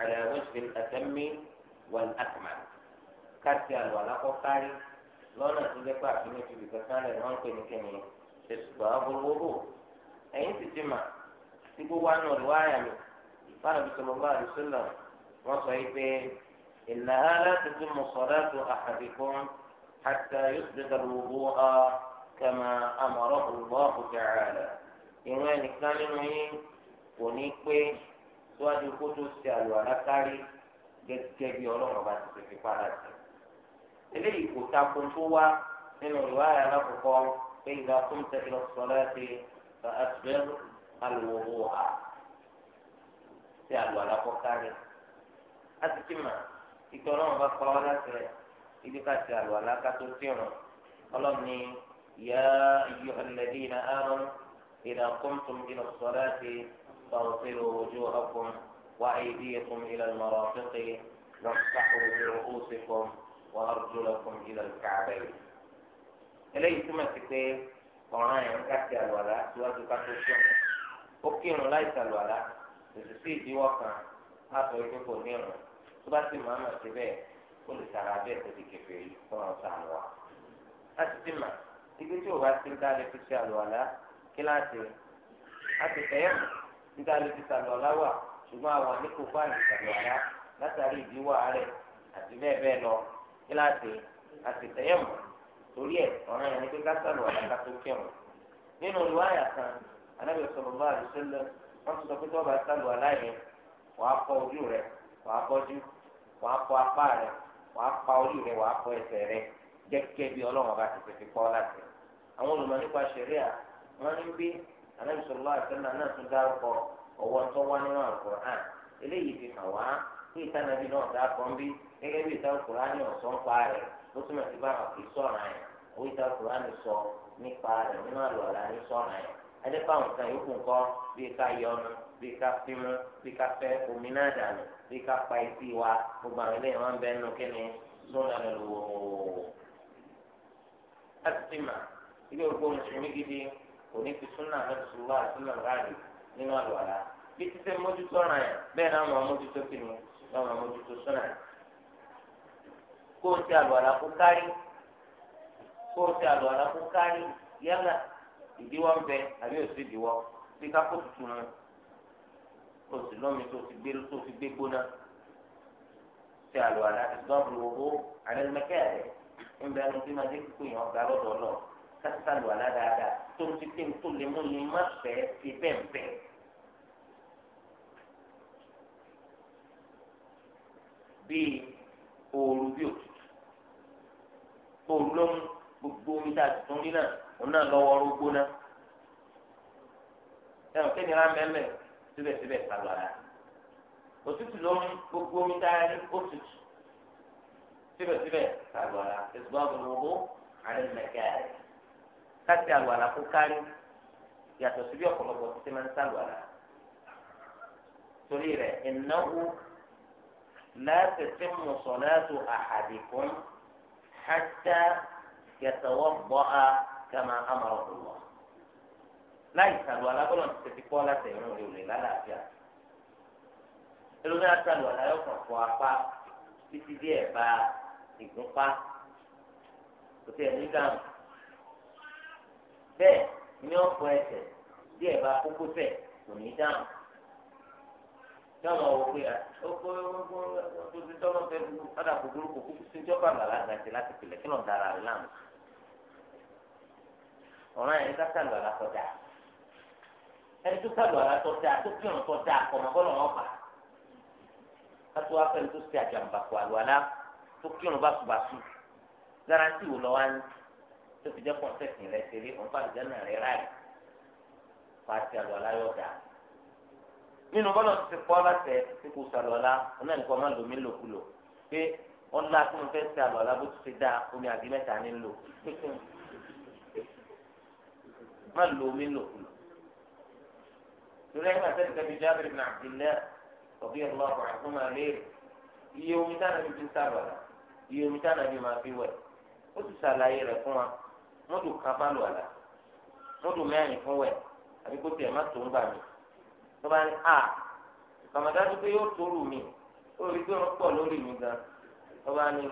على وجه الأتم والأكمل كاتي الولاء قطاري لونا تجيكو أكيني في بكسان لنهان كيني كيني إسباب الوضوء أين تجمع تقول عنه رواية قال صلى الله عليه وسلم وصحيح إنها لا تتم صلاة أحدكم حتى يسبغ الوضوء كما أمره الله تعالى إن يعني كان منه ونيكوي síwájú kó tó ṣe àlùwàlá kárí gẹ́gẹ́ bí ọlọ́run bá ti fi padà sí. eléyìí kò takò tó wá nínú ìwà àyàlá kọ̀kọ́ pé ìgbà fún tẹ̀lé sọ̀rọ̀ ti fa àtúbẹ̀rù alùwòwò ha ṣe àlùwàlá kọ́ a ti ti mà ìtọ́ ọlọ́run bá pa ọ́ láti rẹ̀ ibi ká ṣe àlùwàlá ká tó tìrùn ọlọ́run ni yá iyọ̀ ẹlẹ́dínà فاغسلوا وجوهكم وأيديكم إلى المرافق وافتحوا برؤوسكم وأرجلكم إلى الكعبين إليه ثم تكتب قرآن ينكفي الولاء سواد كتب الشمس أكين ليس الولاء لتسي جيوكا هاتو يكفو نيرا سبات المهمة تبيه كل سرابيه تبي كفي كما سعلوا أستمع تكتب هاتو يكفي الولاء كلاتي هاتو يكفي níta lè fi sàlù ọ̀la wà ṣùgbọ́n àwọn àníkò fáìlì sàlù ọ̀la látàrí ìdíwọ́ àárẹ̀ àti bẹ́ẹ̀ bẹ́ẹ̀ lọ kíláàsì àtìtẹ́yẹ̀mù torí ẹ̀ ọ̀ràn yẹn ni pé ká sàlù ọ̀la ká tó kírun nínú ìwáyà kan anábì sallallahu alaihi wasallam wọ́n ti sọ pé tọ́ba sàlù ọ̀la yẹn wàá fọ ojú rẹ wàá fọjú wàá fọ apá rẹ wàá pa orí rẹ wàá fọ ẹsẹ̀ rẹ gẹ́gẹ́ bí ọlọ́run ọba ti fẹ́ pọ́ láti àwọn olùmọ̀ nípa ṣẹ̀ríà wọ́n ní bí anabi sọlá àtẹnà náà tún dárúkọ ọwọ́ tó wá nínú àkùrán eléyìí fi hàn wá kí ìtànàbí náà dárúkọ ń bí gẹ́gẹ́ bí ìtàn àkùrán ní ọ̀sán pa rẹ̀ ó túmọ̀ sí bá àwọn ìsọ̀ràn yẹn ó ìtàn àkùrán sọ nípa rẹ̀ nínú àlọ́ọ̀lá ní sọ̀ràn yẹn ẹni fáwọn nǹkan yòókù ńkọ́ bíi ká yọnu bíi ká fímú bíi ká fẹ́ omi náà dànù bíi ká pa etí wa gbogbo àwọn eléyìí wọn bẹ nínú kíni sọ̀ràn yẹn lò wò òní fi súnà náà sùn wá súnà ráàlì nínú àlùwàlá bí títẹ mójútó ọ̀ràn yẹn bẹ́ẹ̀ náà máa mójútó kí ni náà máa mójútó súnà yẹn. kó o ti àlùwàlá kó kárí kó o ti àlùwàlá kó kárí yálà ìdíwọ́ ń bẹ àbí òsì ìdíwọ́ bí kápò tuntun mu kó o sì lómi tó fi gbé tó fi gbé gbóná ti àlùwàlá ti gbọ́ owó àlẹ́ rẹ̀ ń bẹ́ẹ̀ ní bí máa kásálù aládáadáa tó ń ti pé ń tó lè mú ni má fẹ́ ti bẹ́ẹ̀ bẹ́ẹ̀. bíi ooru bí òtútù ooru ló mú gbogbo omi tá a ti tún rí náà òun náà lọ́wọ́ ọrú gbóná ẹnu kí ni ra mẹ́mẹ́ síbẹ̀síbẹ̀ kálù ara òtútù ló mú gbogbo omi tá a rí òtútù síbẹ̀síbẹ̀ kálù ara ìṣùgbọ́n àbúrò owó àrẹ mẹ́kẹ́ rẹ̀ káṣí àlùwàlà kó kárí yàtọ̀ síbi ọ̀pọ̀lọpọ̀ títí máa ń sàlùwàlà torí rẹ̀ ìnáwó láti tí mo sọ láti àhàdìkún hátà yàtọ̀wọ́ bọ́ a kama amọ̀rọ̀ lọ. láì sàlùwàlà bọ́lọ̀ ti tètè kọ́ láti ẹ̀rọ rẹ̀ òlè lálàáfíà ẹlòmíràn sàlùwàlà yóò kàn fọ apá títí díẹ̀ bá ìgúnpá kò tí ẹ̀ ní dáhùn bẹ́ẹ̀ ni wọ́n fọ ẹsẹ̀ tí ẹ̀ bá kókó fẹ̀ kò ní dáhùn. Dáhùn àwọn pé ọkọ ọdún tọ́lọ́ fẹ́ bu ọ̀dà kúkúrú kò kúkú sí ìjọba àgbàlá àgbàtì láti pìlẹ̀ kí lọ́n dára rẹ̀ láàmú. Ọ̀ràn yẹn ká sàlù àlá tó dáa. Ẹni tó sàlù àlá tó dáa tó kírun tó dáa kọ̀ mọ́ bọ́lọ̀ wọn fà. Kátó wá fẹ́ni tó ṣe àjàmbá kọ àlù àlá tó kírun bá tùbà sùn. Garanti wò lọ́wọ́ á ní tó fi jẹ́ kọ́ńtẹ́ẹ̀tì rẹ̀ ṣeré òun fà lùjẹ́ náà rẹ̀ ráì pàṣẹ àlùwàlá yóò dà. nínú bọ́lá ti pọ́ láṣẹ tí kò sàlùwàlá òun náà nìkan máa lomi lòkulò pé wọ́n lá kí wọ́n fẹ́ ṣe àlùwàlá bó ti ṣe dá omi àbí mẹ́ta ní lò má lomi lòkulò. torí ẹ̀ka sẹ́ni kẹ́bi Jabir ibn Abdillah radiyallahu anhuma léèrè iye omi táwọn ẹbí iye omi táwọn mọ́tò kan bá lò àlà mọ́tò mẹ́rin fún wẹ̀ àbí kó tiẹ̀ má tó ń gbà mí tó bá ní a kàmàdájú pé yóò tóru mi ó rí pé wọ́n pọ̀ lórí mi gan tó bá ní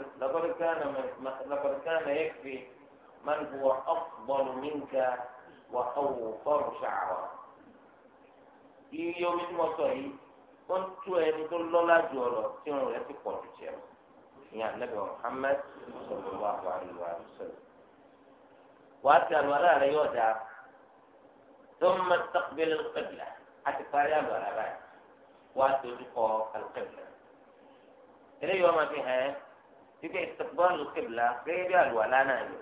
lakọ̀dọ̀kánà yẹ fi máa ń bu ọ̀pọ̀lù mi ga wà ọ̀wọ̀ fọ́ọ̀rù ṣàwà. iye omi tí mo sọ yìí wọ́n tú ẹni tó lọ́lá ju ọ̀rọ̀ tí òun rẹ̀ ti pọ̀ jù jẹ́ ìyá nẹ́bẹ̀ Muhammad sọ̀rọ̀ wà wà lù wà lù sọ̀rọ̀ wàá ti àlùwàlá rẹ yóò dáa tó ń mọ tọ́kùbẹ́lẹ́ lọ́kẹ́bìlà a ti parí àlùwàlá rẹ wàá ti orúkọ àlùkẹ́bìlà eléyìí wọn máa fi hàn ẹ́ síbi ìtọ́kùbọ́ọ̀lù kẹ́bìlà gẹ́gẹ́ bí àlùwàlá náà ni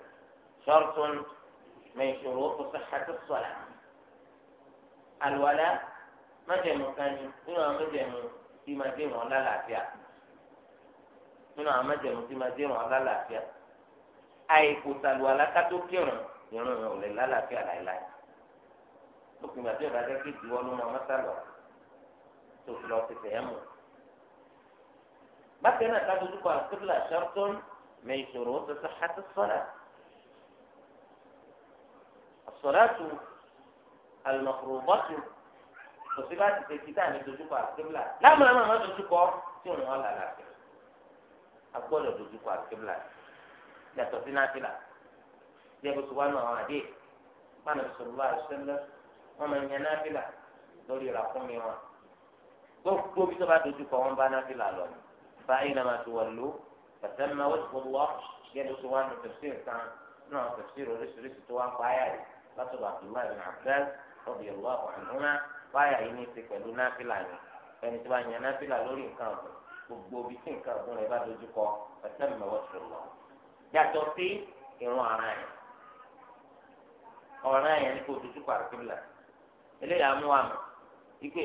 ṣọ́ọ̀tún mẹ́ṣọ̀rọ̀ ó kó sàkàtà sọ̀lá àlùwàlá májẹ̀mú kan ní nínú àwọn májẹ̀mú tí máa dé wọn lálàáfíà nínú àwọn májẹ̀mú tí máa dé wọn lálàáfíà àìkú sàlùwàlá ká tó kírun ìrún rẹ ò lè lálàáfíà láìláì lópin ìgbà tí ìbàjẹ́ kí ìdíwọ́ ló máa mọ́tà lọ tó fi lọ ti tẹ̀yẹ́ mọ̀. bákan náà kájọjú kọ àkébìlà ṣàtún mẹ ìṣòro ó tẹsán àti sọ́dà. àsọ̀dàtù àlùmọ̀kùrùbọ́tù kò sí bá ti tẹ̀ kí táà ní dojú kọ àkébìlà láàmúlá máa má dojú kọ tí òun wọn lálàáfíà. a gbọ́dọ̀ dojú kọ àkébìlà yàtọ̀ sí náà jẹ́ bó ti wá nù àwọn àdé pàánù sọ̀rọ̀ àṣẹlẹ̀ wọ́n máa ń yan náfìlà lórí ràkúnmí wọn gbogbo bí tó bá dojú kọ wọn bá náfìlà lọ báyìí náà máa ti wọ̀ lò pàtẹ́ máa wọ́n ti wọ́n lọ́ jẹ́ bó ti wá nù tẹ̀sí nǹkan náà tẹ̀sí oríṣiríṣi tó wá ń pa ayà yìí látọ̀dọ̀ Abdullahi bin Abdel rọ̀bì ọ̀lọ́ àkànnúná báyà yìí ní ti pẹ̀lú náfìlà yìí ẹni tí wọ́n yan náfìlà lórí nǹkan ọ̀gbìn gbogbo bí tí nǹkan ọ̀gbìn rẹ̀ bá dojú kọ pàtẹ́ máa wọ́n ti wọ́n lọ yàtọ̀ sí ìrún ara yẹn ọ̀ràn yẹn ní kò dojú eléyà mú wa mọ̀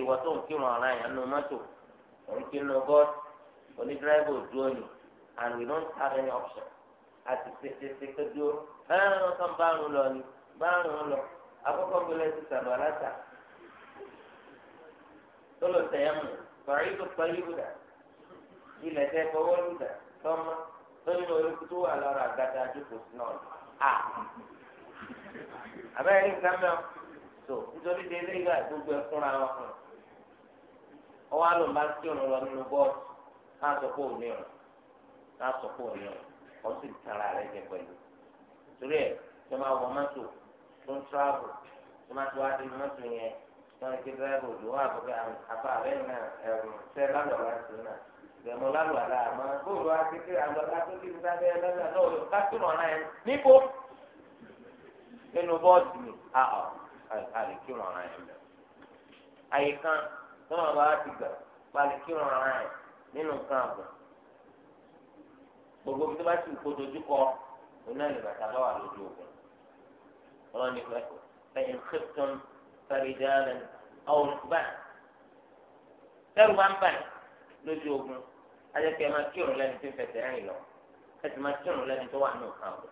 ìwọ tó ń kírun ọ̀ràn yẹn nu mọ́tò bọ́ọ̀sì onídírẹ́bù and we don't have any option àti lọ ni lọ akọ́kọ́ ti sàlọ̀ aláta tẹ̀yẹ́ mọ̀ tó ilẹ̀ fọwọ́ tó wà lọ́rọ̀ àgbàdo àdúgbò náà. àbẹ́rẹ́ ní nǹkan mẹ́wọ́ tó nítorí di ilé ìgbà gbogbo ẹ̀ wọn fún un ọwọ́ àlọ́ máa ń kírun lọ nínú bọ́ọ̀sì náà sọ òní ọ̀rọ̀ náà sọ òní ọ̀rọ̀ wọ́n sì tara rẹ̀ jẹ pẹ̀lú torí ẹ̀ tó máa wọ mọ́tò tó ń tíráàbù tó máa tó wá dé mọ́tò yẹn wọ́n ti dẹ́rẹ́bù ló wà bọ́kẹ́ àbá rẹ̀ náà ẹ̀rù tẹ́ lálọ́ọ̀lá sí náà ìgbẹ̀mọ lálọ́ọ̀lá àmọ́ bóòlù wa ti nínú bọ́ọ̀sì mi àhọ àlè kí wọn ara yẹn bẹ. àyè kan tó máa bá ti gbà balẹ̀ kí wọn ara yẹn nínú nǹkan àgbà. gbogbo bí tó bá ti kó dojúkọ oná lè bàtà bá wà lójú ogun. wọn ní fẹyìn kíntàn fẹrẹdàlẹ àwọn olùkúbà. tẹrù máa ń bà lójú ogun ajẹ́kẹ́ máa kírun lẹ́nu tó fẹsẹ̀ rìn lọ ẹ sì máa kírun lẹ́nu tó wà ní nǹkan àgbà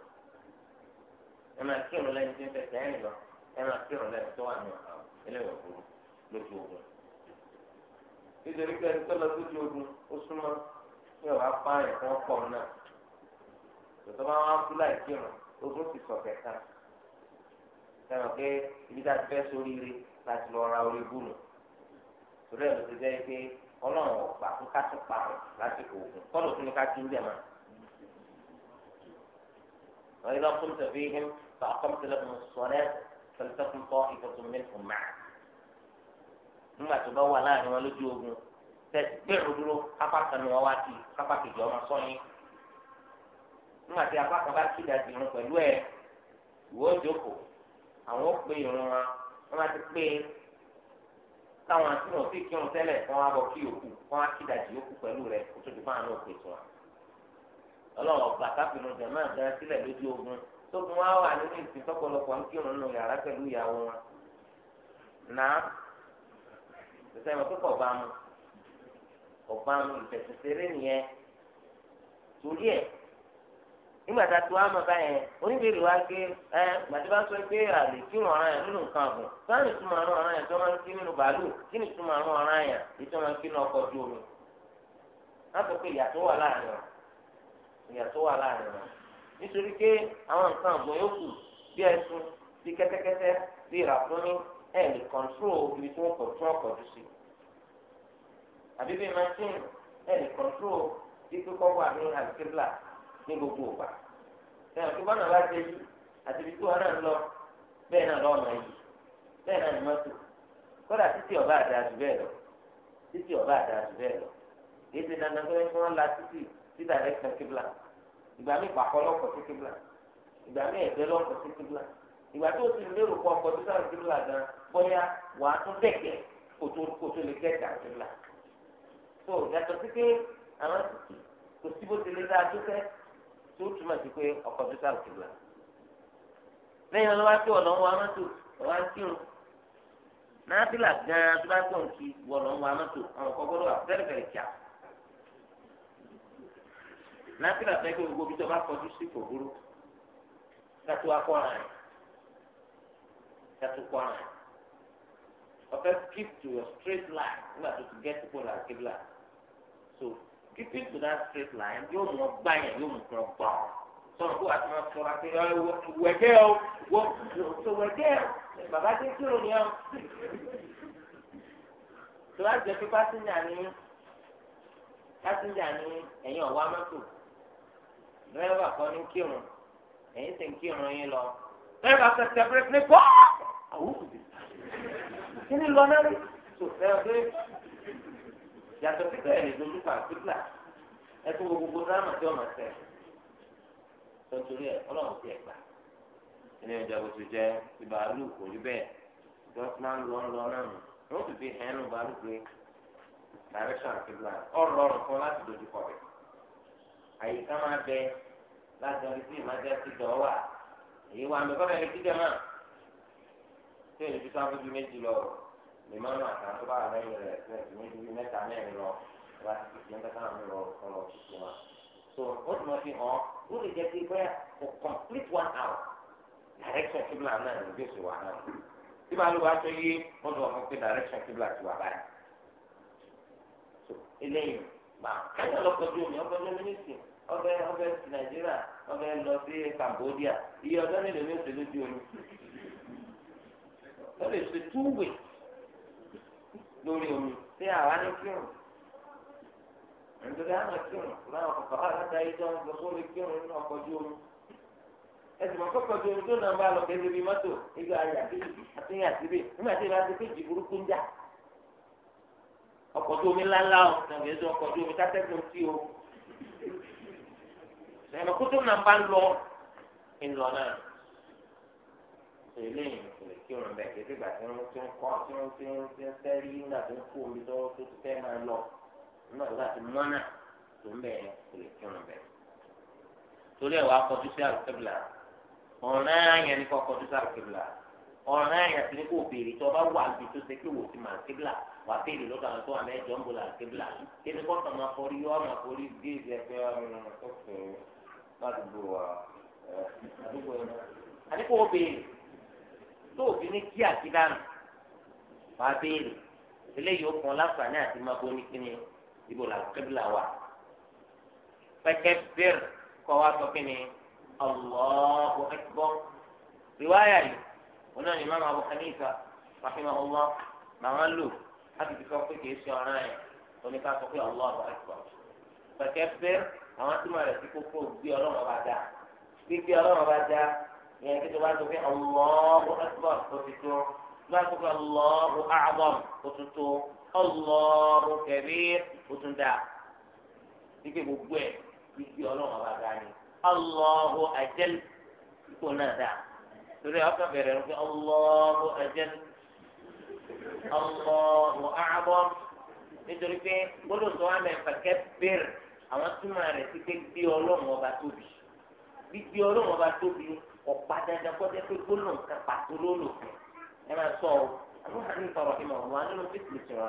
ẹ máa kírun lẹ́yìn tí ń fẹsẹ̀ ẹ̀rìn lọ ẹ máa kírun lẹ́yìn tó wà ní ọ̀hún ẹlẹ́wọ̀n burú lójú ogun. nítorí pé ẹni tó lọ lójú ogun ó súnmọ́ pé wàá pààyàn fún ọkọ̀ náà tòtò bá wọn kú láì kírun ogun ti sọ kẹta sẹ́wọ̀n pé ibi tá a ti fẹ́ sóríire láti lọ ra orí bùnú torí ẹ̀ ló ti jẹ́ pé ọlọ́run ọ̀gbà fún ká tún parun lásìkò ogun kọ́lù fún mi ká tún bẹ̀ máa. فأقمت لهم الصلاة فلتكن طائفة منهم معك nígbà tó bá wà láàrin wọn lójú ogun tẹsíbẹ̀rù dúró apákanu wa wá sí apákejì ọmọ sọ́yìn nígbà tí apákan bá kí ìdajì irun pẹ̀lú ẹ̀ ìwọ́ ìjókòó àwọn ó pe irun wa wọ́n bá ti pé táwọn àti wọn fi kírun tẹ́lẹ̀ wọ́n á bọ̀ kí yòókù wọ́n á kí ìdajì yòókù pẹ̀lú rẹ̀ kó tó di fáwọn náà pè tó wọn. ọlọ́run ọ̀gbà káfíńù jẹ̀mọ́ àgbà sílẹ̀ lójú ogun tó fún wa wà nínú ìsìn tọpọlọpọ ń kírun nù yàrá pẹ̀lú ìyàwó wọn náà tẹsán ìmọ̀ pípọ̀ bá mu ọ̀bá mu ìfẹ̀sẹ̀sẹ̀rẹ̀ nìyẹn torí ẹ̀ nígbà tá a tó àmọ́ báyẹn oníbèrè wa gbé ẹ gbàdé bá sọ pé àlè kí wọn ọ̀ràn yẹn nínú nǹkan ààbò sáàrì túmọ̀ àrùn ọ̀ràn yẹn tí wọ́n máa ń kí nínú bàálù kí ni túmọ̀ àrùn ọ̀ràn yẹn tí wọ́n máa ń kí nínú ọkọ̀ ojú omi. pé ìyàtọ̀ wà láàrin wọn ìyàtọ̀ wà láàrin wọn nítorí pé àwọn nǹkan ọ̀gbìn yóò kù bí ẹṣin bí kẹ́tẹ́kẹ́tẹ́ bí ràkúnmí ẹ̀ lè kọ̀ntró ibi tí wọ́n kọ̀ntró ọkọ̀ jù sí. àbí bí machine ẹ̀ lè kọ̀ntró bí kíkọ́ wà ní àlùkébìlà ní gbogbo ògbà. ẹ̀yàn tó bọ́nà bá ṣe yí àti ibi tí wọ́n náà lọ bẹ́ẹ̀ náà lọ́ ọ̀nà yìí bẹ́ẹ̀ náà ni mọ́tò kódà títí ọba àdáàdù bẹ́ẹ̀ lọ títí ọba àdáàdù bẹ́ẹ̀ lọ èyí ti dandan pé wọ́n la títí títà rẹ̀ ìgbà mi pàkọ́ lọ́kọ̀ sí kíbla ìgbà mi ẹ̀gbẹ́ lọ́kọ̀ sí kíbla ìgbà tó ti lérò pọ̀ ọkọ̀ sí sáré kíbla gan bóyá wàá tún dẹ̀kẹ̀ kótó lè kẹ́kẹ́ àkíbla. tó yàtọ̀ sí pé àwọn kò síbó ti lé dáa tó fẹ́ tó túmọ̀ sí pé ọkọ̀ sí sáré kíbla. lẹ́yìn ọlọ́wà tó ọ̀nà wọn amátò ọ̀wá ń kírun náà fìlà gan-an tó bá tó ń kí wọ̀nà wọn amátò àwọn kọ́kọ́rọ́ nàfìlà fẹ́ kí gbogbo bíjọba kọjú sí kò burú kátó akọ́ra rẹ̀ kátó kọ́ra rẹ̀ ọ̀fẹ́ keep to your straight line nígbà tó ti gẹ́ tó kó làá kébìlà so keeping to that straight line yóò mú ọgbà yẹn yóò mú kúrọ̀ gbà ọ́ sọ̀rọ̀ kó àti máa sọ̀rọ̀ àti wẹ̀gẹ́ o wọ́n wẹ̀gẹ́ o bàbá dé kí òun yẹn o tó bá jẹ́ pé pásíńjà ni pásíńjà ni ẹ̀yin ọ̀wá mọ́tò dírẹ́fà kan ní kírun ẹ̀yin sì ń kírun yín lọ dírẹ́fà kan tẹ bírèkì ní pọ́ àwùjọ kí ni lọ náà rí tó fẹ́ẹ́ pé yàtọ̀ síbẹ̀ ẹ̀ lè dojú pa àtúntà ẹ tún gbogbo dáàmà tí ọmọ sẹ tọ́tùrí ẹ ọlọ́run ti ẹ̀ gbà ilé ìjà bó ti jẹ ti bàálù kò rí bẹ́ẹ̀ just máa ń lọ ń lọ náà nù wọ́n sì fi hẹ́ẹ́nù bàálù pé direction àti plan ọ̀rọ̀ ọ̀rùn fún láti dojú kọ àyíká máa bẹ láti ọdún tí ìmájá ti dọ̀ wà èyí wà mí kọ́nà ẹni kíjọ náà tí èyí fi sáfù ju méjì lọ lè má nù tó bá wà lẹ́yìn rẹ̀ fún ẹ̀sìn méjì bíi mẹ́ta mẹ́rin lọ wá sí ti ń kẹ́kẹ́ àwọn ọ̀rọ̀ ọ̀rọ̀ tuntun wa so ó sì máa fi hàn ó lè jẹ́ pé bẹ́ẹ̀ kò complete one hour direction kibla náà ní bí oṣù wà náà tí màá lù wá tó yé wọ́n lọ fún pé direction kibla ti wà báyìí so eléyìí gbà ẹ̀yìn lọ́kọ̀ọ́dún omi ọbẹ̀ lọ́mínísì ọbẹ̀ ọbẹ̀ nàìjíríà ọbẹ̀ lọ sí cambodia iye ọjọ́ nílò ní oṣù lójú omi ó lè ṣe túwè lórí omi tí àwa ní kírun nítorí àwọn kírun láwọn kọ̀ọ̀kan wà láti ayé tó ń sọ sórí kírun nínú ọkọ̀ ojú omi ẹsùn wọn kọkọ tó tó náà bá lọ kẹsẹ bíi mọtò ìgbà àyàtí àti àtìbí nígbà tí ìbá ti ọkọ̀ tó omi ńláńlá o nàgbé tó ọkọ̀ tó omi tátẹ́gùn sí o ẹ̀rọ kótó náà bá ń lọ ńlọ náà tẹ̀lé ìrìnkèrè kí òun bẹ̀ kí ìgbà tí wọ́n ti ń kọ́ tí wọ́n ti ń ti ń tẹ́rí nígbà tó ń kó omi tó tó ti fẹ́ máa lọ nígbà tó láti mọ́nà tó ń bẹ̀ kèrè kí òun bẹ̀. torí ẹ̀ wá kọjú sí àlùkébìlà ọ̀ràn àyàn ní kọ́ kọjú sí àlùkébìlà ọ̀ràn àyàn ti ní kó béèrè tó bá wà wákìlì ló kàn tó àmì ẹjọ ń bọ̀ láti bla kébí kọ́tà máa forí yọ ọmọ forí bí ìdí ẹgbẹ́ ọmọ ọ̀fẹ́ ládùúgbò wa àdúgbò yẹn. àdúgbò ó béèrè tó òfin ní kí àti dànù wàá béèrè eléyìí ó kàn láǹfààní àti máa bó ní kíni ìbò láti kébìlà wa. pẹkẹ bẹrẹ kọ wá sọ kíni Allahu akbar riwaya yìí wọn náà ní Imam Abu Hanifa rahimahullah màmá lò. àti àbíbí kan pé kìí ṣe ọ̀ràn yẹn oníkà sọ pé Allahu Akbar pẹ̀kẹ́ pé àwọn tí màá rẹ̀ sí kókó gbé ọlọ́run ba dá gbígbé ọlọ́run dá dá yẹn kí tó bá sọ pé Allahu Akbar kó ti tó bá sọ pé Allahu A'zam kó ti tó Allahu Kabir kó tún dá gbígbé gbogbo ẹ̀ gbígbé ọlọ́run bá dá ni Allahu Ajal kó náà dá torí ọkàn bẹ̀rẹ̀ rẹ̀ pé Allahu Ajal. Allahu a'zam nítorí pé gbọ́dọ̀ tó wà mẹ́fà kẹ́bìr àwọn túmọ̀ rẹ̀ sí pé gbé ọlọ́run ọba tóbi gbígbé ọlọ́run ọba tóbi ọ̀pá dandan kọ́jẹ́ pé gbọ́dọ̀ nǹkan pàtó lólùfẹ́ ẹ máa sọ ọ àwọn àmì ìfọ̀rọ̀ ìmọ̀ wọn nínú fífi ìṣòro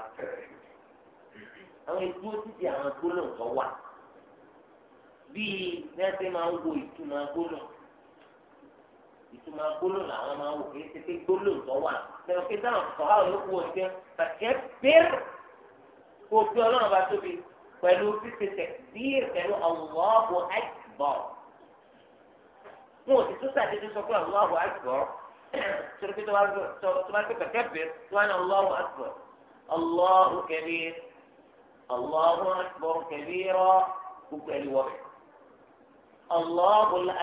àwọn ìdúró títí àwọn gbọ́dọ̀ tó wà bíi ní ìtumọ̀ gbólóhùn làwọn máa ń wò kí ṣe pé gbólóhùn tó wà lẹ́nu pé dáhùn sọ̀rọ̀ àwọn yòókù wọn jẹ́ kàkẹ́ bẹ́ẹ̀rù kó o fi ọlọ́run bá tóbi pẹ̀lú ṣíṣe tẹ̀síìr pẹ̀lú Allahu Akbar. wọn ò sì tún sàdédé sọ pé Allahu Akbar sọ̀rọ̀ pé tó bá pé kàkẹ́ bẹ́ẹ̀rù tó wà ní Allahu Akbar Allahu kabir Allahu Akbar kabira gbogbo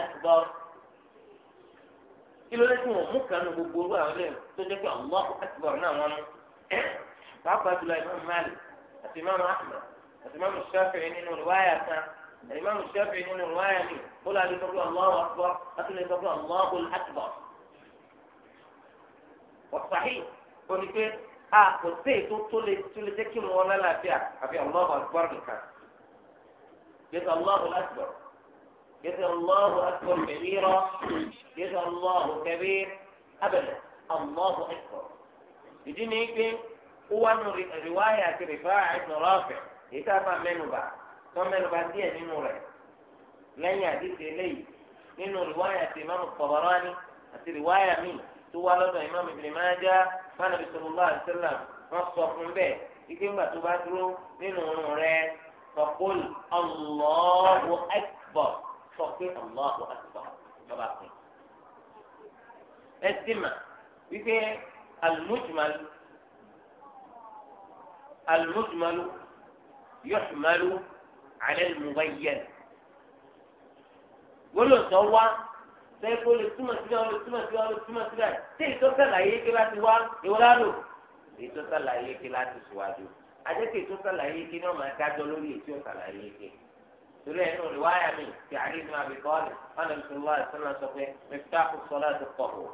ẹ̀ kí ló dé tí wọn mú kanu gbogbo orú àwọn lẹ́yìn tó jẹ́ pé àwọn ọkọ̀ àtibọ̀rọ̀ náà wọn mú pàápàá jùlọ ìmáàmù Malik àti ìmáàmù Ahmad àti ìmáàmù Shafi'i nínú ìwáyà kan الإمام الشافعي من الرواية قل عليه تقول الله أكبر أقل تقول الله الأكبر والصحيح قل كيف آه قلت تقول تقول تكلم ولا لا فيها أبي الله أكبر لك يقول الله الأكبر كذا الله أكبر كبيرا كذا الله كبير أبدا الله أكبر يجيني يمكن هو رواية رفاع بن رافع يتابع منه بعد ثم منه بعد دي من لن يحدث إليه من رواية إمام الطبراني رواية من توالد إمام ابن ماجه فأنا صلى الله عليه وسلم نصف من به يمكن ما تبادلوا من نوره فقل الله أكبر sọ pé Allahu Akbar lọ́ba pin. ẹ sì mà wípé al-mujmal al-mujmal yuhmalu ala al-mubayyan. gbọ́dọ̀ sọ wá sẹ́yìn kó lè túmọ̀ síbẹ̀ ó lè túmọ̀ síbẹ̀ ó lè túmọ̀ síbẹ̀ tí ìtọ́ka làyé ké láti wá ìwọ lálò ìtọ́ka làyé ké láti síwájú àjẹkẹ́ ìtọ́ka làyé ké náà máa dájọ́ lórí ètò ìtọ́ka ké torí ẹ̀ nínú ìwáyà mi ti àdéhùn àbíkọ́lì wọn lè sọ wáyà sọ́nà sọ pé mẹ́fíkàkù sọ́lá ti pọ̀ wò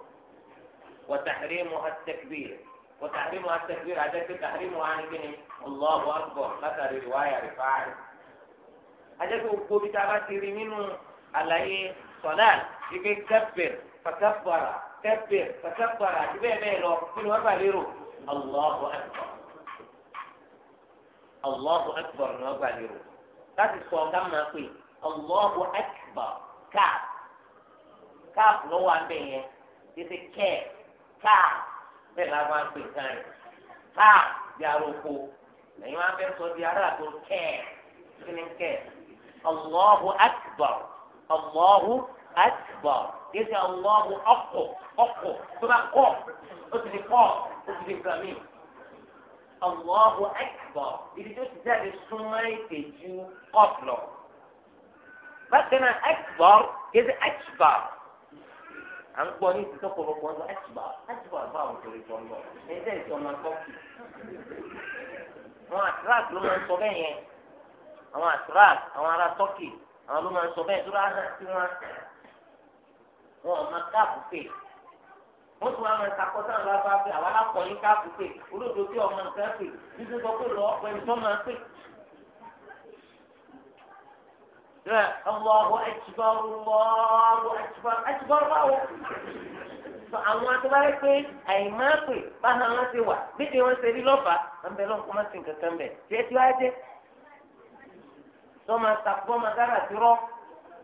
wọ́tàrímù àtẹ́kbìrì وتحريم التكبير عادة تحريم عن بني الله أكبر مثل رواية رفاعي عادة وقوة بتابات منه على إيه صلاة يبي كبر فكبر كبر فكبر يبي ميلو في الوضع ليرو الله أكبر الله أكبر الوضع ليرو láti sọ ọ̀gá máa pè Allahu akbar káàp káàp ló wà ń bẹ̀ yẹn títí kẹ́ẹ̀ káàp bẹ́ẹ̀ la máa pè nǹkan rẹ̀ káàp di aróko lẹ́yìn máa fẹ́ sọ di ará tó kẹ́ẹ̀ kí ni kẹ́ẹ̀ Allahu akbar Allahu akbar kìí ṣe Allahu tó bá kọ̀ ó ti di kọ̀ ó ti di gbàmíì. Allahu Akbar ibi tó ti jáde súnmọ́ ìtẹ̀jú ọ̀pọ̀lọ̀. bákan náà Akbar kéde Akbar à ń gbọ́ ní ìtìtọ́ pọ̀lọpọ̀ ọ̀dọ̀ Akbar Akbar bá àwọn òṣèré tó ń lọ ẹ̀jẹ̀ ìtọ́ máa tọ́ kì. àwọn àtúràk ló máa ń sọ bẹ́ẹ̀ yẹn àwọn àtúràk àwọn ará tọ́kì àwọn ló máa ń sọ bẹ́ẹ̀ wọ́n tún wá máa ṣàkóso àwọn bá pé àwọn akọ̀yìn káàpù pé olóòtú tí ọmọ nǹkan pè títí sọ pé lọ ọ̀pẹ nìkan máa pè. Bẹ́ẹ̀ ọlọ́wọ́ ẹ̀jibọ́rú lọ́wọ́ ẹ̀jibọ́rú ẹ̀jibọ́rú báwo. Àwọn atọ́bárẹ́ pé àìmáa pè báwọn ti wà wọn ṣe rí ti nǹkan kan bẹ̀ tí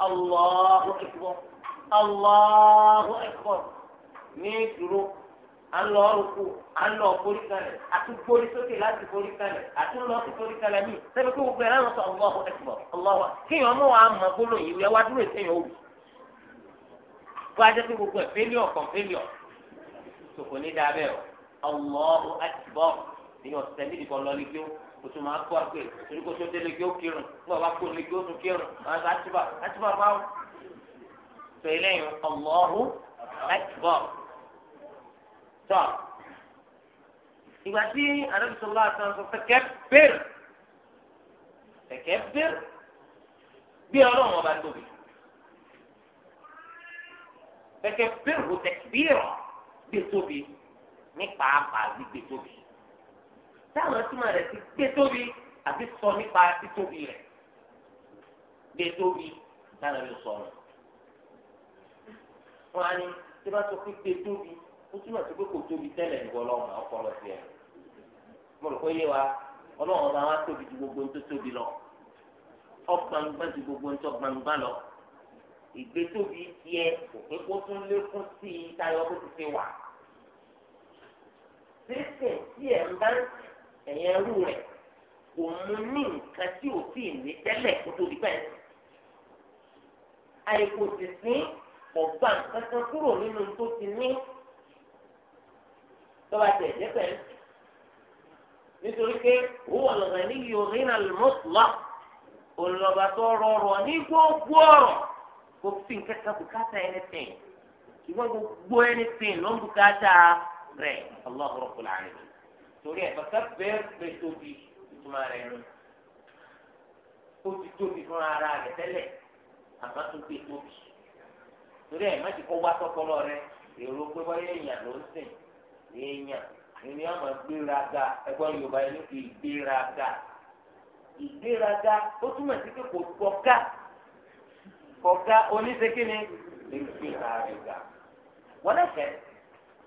Allahu Akbar Allahu Akbar ní dúró à ń lọ ọrùkù a ń lọ forí kalẹ̀ àti forí sókè láti forí kalẹ̀ àti lọ sí forí kalẹ̀ mí sẹ́ni pé gbogbo ẹ̀ láwọn sọ Allahu Allahu dúró òwú pé gbogbo ẹ̀ ní dábẹ́ ọ kò tó máa kó àgbè torí kò tó délé kí ó kírun nígbà bá kó lé kí ó tún kírun máa sá àtibá àtibá báwò tó eléyìí Allahu Akbar tó ìgbà tí arábìsọ̀lá àtàwọn sọ fẹ́kẹ́ bẹ́ẹ̀ fẹ́kẹ́ bẹ́ẹ̀ bí ọlọ́run ọba tóbi fẹ́kẹ́ bẹ́ẹ̀ rò tẹ̀kí bí rọ̀ gbé tóbi ní pàápàá gbígbé tóbi táwọn túmọ̀ rẹ̀ ti gbé tóbi àti sọ nípa títóbi rẹ̀ gbé tóbi táwọn yóò sọ ọ̀nà. wọn á ní tí bá sọ pé gbé tóbi ó túmọ̀ sí pé kò tóbi tẹ́lẹ̀ nígbà ọlọ́run ọpọlọ sí ẹ̀. mo rò pé yé wa ọlọ́run ọba wa tóbi ju gbogbo ń tó tóbi lọ ọgbàngbà ju gbogbo ń tó gbàngbà lọ ìgbé tóbi tiẹ̀ òpin kó tún lékún sí i tayọ bó ti fi wà. tí ẹ̀yin ẹrú rẹ̀ òun ní nǹkan tí ò tí ì ní tẹ́lẹ̀ kó tó di bẹ́ẹ̀. àìkò sì sí ọ̀gbà nǹkan kan kúrò nínú tó ti ní tọ́ba tẹ̀ jẹ́ pẹ̀lú. nítorí pé òun ọ̀lọ́gàn ní yorùbá náà lè mọ̀ tó wá rọrọ̀ ní gbogbo ọ̀rọ̀ kò fi nǹkan kan bùkátà anything ṣùgbọ́n gbogbo anything ló ń bùkátà rẹ̀ ọlọ́run rọ̀ kúlẹ̀ torí ẹ̀ bàtà bẹ́ẹ̀ lè tóbi ìtumọ̀ rẹ̀ nù ó ti tóbi fún ara rẹ̀ tẹ́lẹ̀ àmọ́ tó gbé tóbi torí ẹ̀ má ti kọ́ wá tọ́kọ́lọ́ rẹ̀ èrò pé báyọ̀ èèyàn ló ń sìn èèyàn èmi àmọ́ gbéraga ẹgbọ́n yorùbá yẹn ló fi gbéraga ìgbéraga ó túmọ̀ sí pé kò kọ́ká kọ́ká oníṣekínni lè gbéraga wọ́n lẹ́sẹ̀ẹ́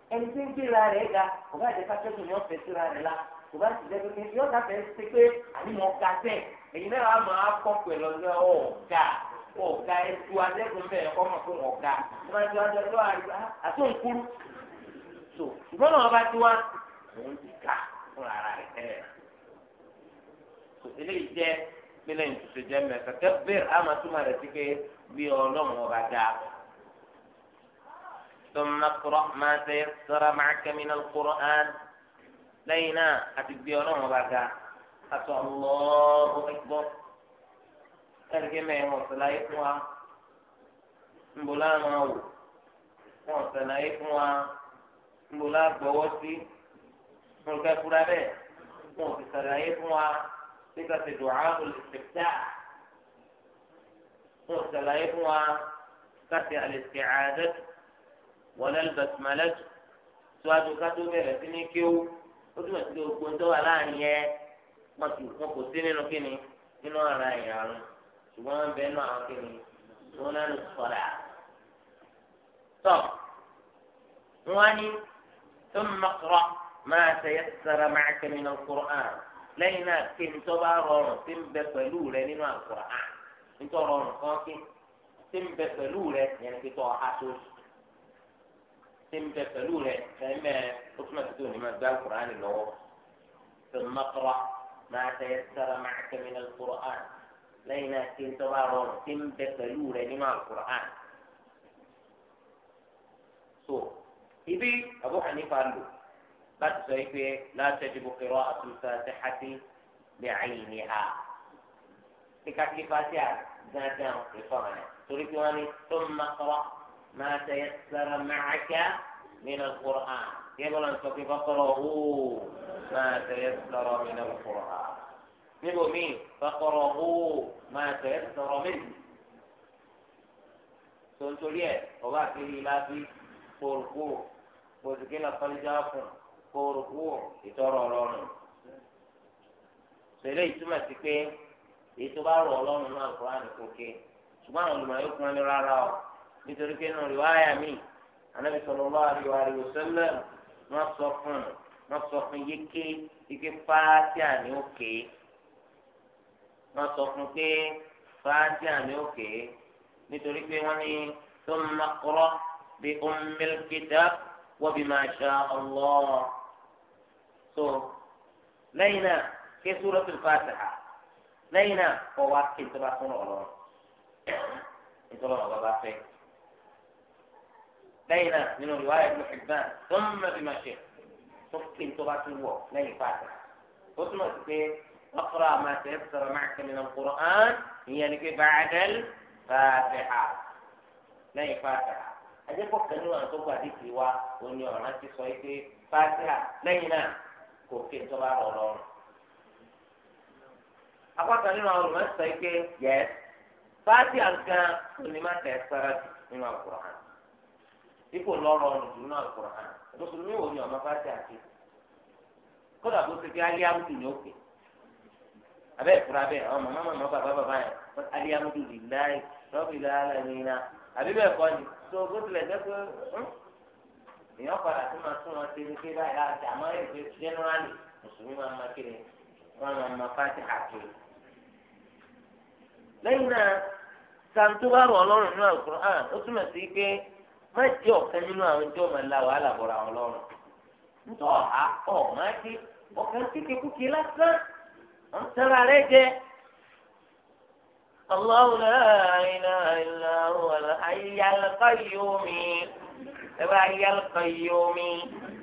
ẹni tí ń gbéra rẹ̀ ga kò bá jẹ́ pàṣẹ́kù ni wọ́n fẹ́ síra rẹ̀ la kò bá sì jẹ́ pé yóò dáfẹ́ ṣe pé àní mọ̀ ga tẹ̀ ẹ̀yin náà wàá máa kọ́ pẹ̀lú ọ̀gá ọ̀gá ọ̀gá ẹ̀tù adẹ́kùn bẹ́ẹ̀ kọ́ mọ̀ fún ọ̀gá àti òǹkúrú tó ṣùgbọ́n náà bá ti wá òun ti ká fún ara rẹ̀ tẹ́lẹ̀ tó eléyìí jẹ́ pé lẹ́yìn tó ṣe jẹ́ mẹ́fẹ́ kẹ́bẹ́rẹ́ àmọ́ túmọ̀ rẹ̀ sí pé bí ọlọ́run ọba dáa ثم اقرأ ما تيسر معك من القرآن لينا أتبيونه بعد أتو الله أكبر ترجمة وصلاة إخوة مبلان أو وصلاة إخوة مبلان بوسي ملكة كرابة وصلاة إخوة صفة دعاء الاستفتاح وصلاة إخوة كتب الاستعادة wọlé lùbẹ̀sìmọ́lẹ́tù síwájú ká tó bẹ̀rẹ̀ sí ní kéwú ó túmọ̀ sí gbogbo tó wà láàrin yẹn wọn kì wọn kò sí nínú kíni nínú ara ẹ̀yà àrùn ṣùgbọ́n wọn bẹ nínú àwọn kíni wọn náà lè sọ̀rọ̀ à. tọ́ wọn á ní tó mọ̀kọ́rọ́ máa tẹ̀yẹ sara máa kẹ́mi náà kúrò hàn lẹ́yìn náà kí ni tó bá rọrùn tí ń bẹ pẹ̀lú rẹ nínú àkùrọ̀ hàn nítorí rọrùn kan kí tí ń bẹ pẹ̀lú rẹ yẹn ni pé tó ọ̀há tó sùn. tí ń bẹ pẹ̀lú rẹ̀ ẹ̀mẹ́ ó túmọ̀ sí òní máa gbé alukur'ani lọ́wọ́ fìmọ́kọ́rọ́ máa tẹ sára máa kẹ́mi náà alukur'an lẹ́yìn náà tí ń tọ́ba rọrùn tí ń bẹ pẹ̀lú rẹ̀ nínú alukur'an. so ibi Abu Hanifa lò láti sọ pé láti ṣe bó kẹrọ àtúntà ti hàtí lè àyìn ní ha kíkà kíkà sí àgbàdàn ìfọ̀ràn torí pé wọ́n ní tó ń máa kọ́rọ́. ما تيسر معك من القرآن يقول أنت كيف فقرأوا ما تيسر من القرآن نبو مين فقرأوا ما تيسر منه سنتولي ọba àkèrè láti kórukú kòtùkìlà kọlíjà fún kórukú ìtọrọ ọlọ́run sẹlẹ ìtumọ̀ sí pé ètò bá rọ ọlọ́run náà kúrò àníkókè ṣùgbọ́n àwọn olùmọ̀ yóò kún ẹni rárá o nítorí pé nínú rìwáyà mi anábì sallallahu alaihi wa sallam wọ́n sọ fún wọ́n sọ fún yéké yéké fáátì àní òkè wọ́n sọ fún pé fáátì àní òkè nítorí pé wọ́n ní thumma qra bi ummil kitab wa bima sha'a Allah so lẹ́yìn náà ké suratul Fatiha lẹ́yìn náà kọ́ wa kí n tó bá fún ọ̀rọ̀ ìtọ́lọ́mọ̀ bá bá fẹ́. بين من رواية ابن حبان ثم بما شئت شفت انت بات الوقت لا يفاتح ثم اقرا ما تيسر معك من القران هي لك بعد الفاتحه لا يفاتح هذا هو كان يقول لك هذه سوى وان يرى ما تسويك فاتحه لا ينام كوكي انت بات الوقت أقوى كان يقول لك يس فاتحه كان لما تيسرت من القران ipò lọ́rọ̀ ọ̀nùdùn náà kùrọ̀ hàn mùsùlùmí wo ni ọmọ bá ti àti kódà bó ti fi aliamudu ni ó pè abẹ́ ìfura bẹ́ẹ̀ àwọn màmá màmá bàbá bàbá yẹn aliamudu lè láì lọ́ọ̀bì lára ní àbí bẹ́ẹ̀ kọ́ ni tó bó tilẹ̀ jẹ́ pé hmm, èèyàn padà tó máa tún wọn ṣe ní pé báyìí láti àmọ́ èdè jẹ́nẹ́rálì mùsùlùmí máa ma kiri wọn máa ma fáti àti. lẹ́yìn náà santo bá rọ̀ ọlọ́run ní àlùkò hàn ó túmọ̀ sí pé má jẹ́ ọ̀kan nínú àwọn tí wọ́n máa la wàhálà bọ̀rọ̀ àwọn lọ́rùn ntọ́ ọ̀há ọ̀ máa dé ọ̀kan kéke kúkè lásán ọ̀n tẹ́ra rẹ jẹ. الله لا إله إلا هو الحي القيوم الحي القيوم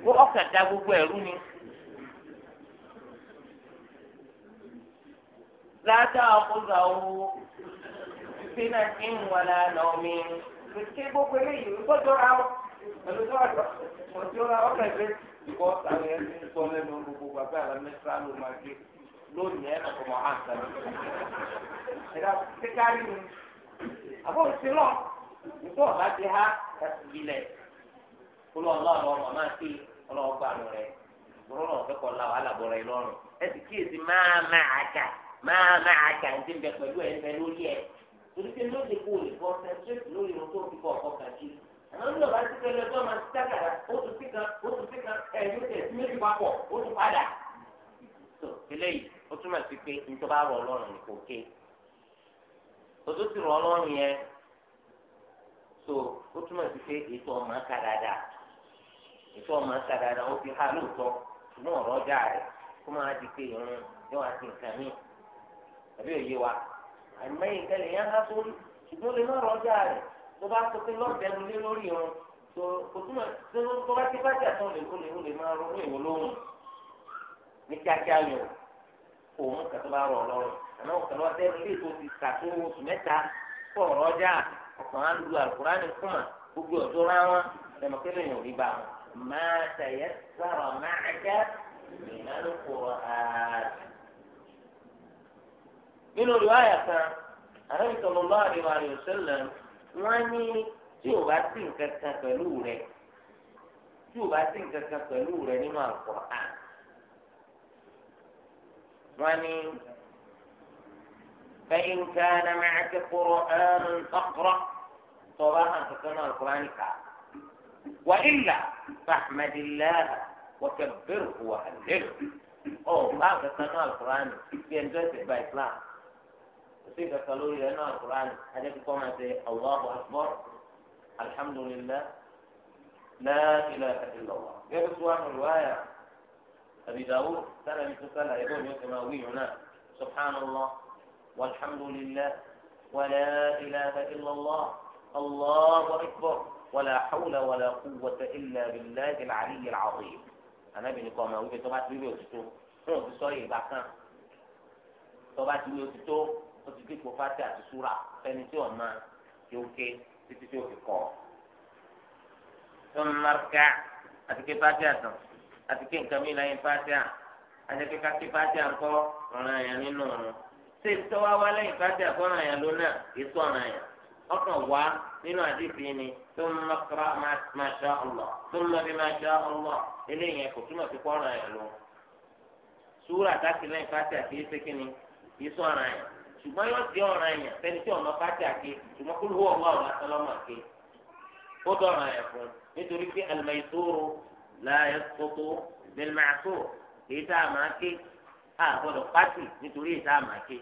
وأكد أبو بيروني لا تأخذه سنة ولا نوم ṣe gbogbo eléyìí ń tọ́jú ra ọ pẹ̀lú tó àgbà tọ́jú ra ọ pẹ̀lú ìkọ́ àwọn ẹni sọ lẹ́nu gbogbo bàbá àlọ́ mẹ́ta ló máa gbé lónìí ẹ̀dá kékeré àbọ̀ lọ nígbà ọ̀la ti ilẹ̀ rẹ̀ la wàhálà lọ́rùn kíyèsí máa máa àjà máa máa àjà ń dín bẹ pẹ̀lú torí pé lóde kò lè kọ́ sẹ́ńtírẹ́tì lórí ohun tó fi kọ́ ọ̀kọ́ kan jí. àwọn ọmọ bá ti pẹ̀lú ẹjọ́ máa ti dákàrà ó tún sí kan ó tún sí kan ẹ̀yìn tẹ̀sí méjì papọ̀ ó tún padà. tó eléyìí ó túmọ̀ sí pé nítorí rọ ọlọ́run ní kò ké òtún sì rọ ọlọ́run yẹn tó ó túmọ̀ sí pé ètò ọmọ ká dáadáa ètò ọmọ ká dáadáa ó fi há lóòótọ́ ṣùgbọ́n ọ̀rọ̀ ọjà rẹ̀ kó máa di pé ìrún yóò wá sí nǹkan míì àbí òye wa àmọ́ ìkẹlẹ̀ yẹn há sórí ṣùgbọ́n lè má rọjá rẹ̀ tó bá sọ pé lọ́ọ̀dẹ́nu lé lórí wọn tó kò túmọ̀ tó bá ti bájà tán lè kólé ó lè máa ronú ìwọ lóhùn ní kíákíá yọ òun kàtó bá rọ ọlọ́run àmọ́ òkàlọ́ ọ̀dẹ́nu lè tó ti kàtó oṣù mẹ́ta fún ọ̀rọ̀jà ọ̀kan á lu àlùkùránì kùmà gbogbo ọ̀dọ́ ra wọn lẹ́nu pé lèèyàn ò rí bá wọn máa tẹ̀yẹ sára máa jẹ́ ìnáwó kùrọ̀ ààrẹ. nínú olùwáyà kan àrẹ́bí sallallahu alaihi wa sallam wọ́n ní tí o bá sí nǹkan kan pẹ̀lú rẹ̀ tí o bá sí nǹkan kan pẹ̀lú rẹ̀ nínú Al-Qur'an wọ́n ní فإن كان معك قرآن فاقرأ صباحا فكان القرآن كعب وإلا فاحمد الله وكبره وهلله أو ما كان القرآن في أنجاز الإسلام سيدة لي انا القرآن حاجات قومة الله أكبر الحمد لله لا إله إلا الله جاءت سؤال رواية أبي داود سنة بسنة يقول يوم هنا سبحان الله والحمد لله ولا إله إلا الله الله أكبر ولا حول ولا قوة إلا بالله العلي العظيم أنا بني قومة ويقول تبعت بيبي وتتو تبعت بيبي وتتو ó ti dípò fati àti súra fẹ́ni tí ọ̀nà yóò ké títí tí ó fi kọ́ fún marka àti ké fati àtàn àti ké nǹkan mi lẹ́yìn fati à àti ké ká ké fati à ń kọ́ ọ̀ràn yẹn nínú ọ̀run ṣé tọ́wá wá lẹ́yìn fati àkọ́ràn yẹn ló èso ọ̀ràn yẹn ọkàn wá nínú àdìsí ni tó ń mọ́kàrá máa ṣá ọ̀lọ́ tó ń mọ́bí máa ṣá ọ̀lọ́ eléyìí yẹn kò túmọ̀ sí kọ́ ọ̀ràn yẹn lọ. súra dákìlẹ́yìn fati àti yéṣe kínní yéṣu yẹn ṣùgbọ́n yóò di ọ̀ràn yẹn fẹ́ni tí ọ̀nà bá jà ké ṣùgbọ́n kúlù wọ́n wà ọ̀nà sọlọ́mà ké ó dọ̀ràn yẹn fún nítorí pé al-maysūru lā yasquṭu bil-ma'sūr èyí tá a máa ké a gbọ́dọ̀ pátì nítorí èyí tá a máa ké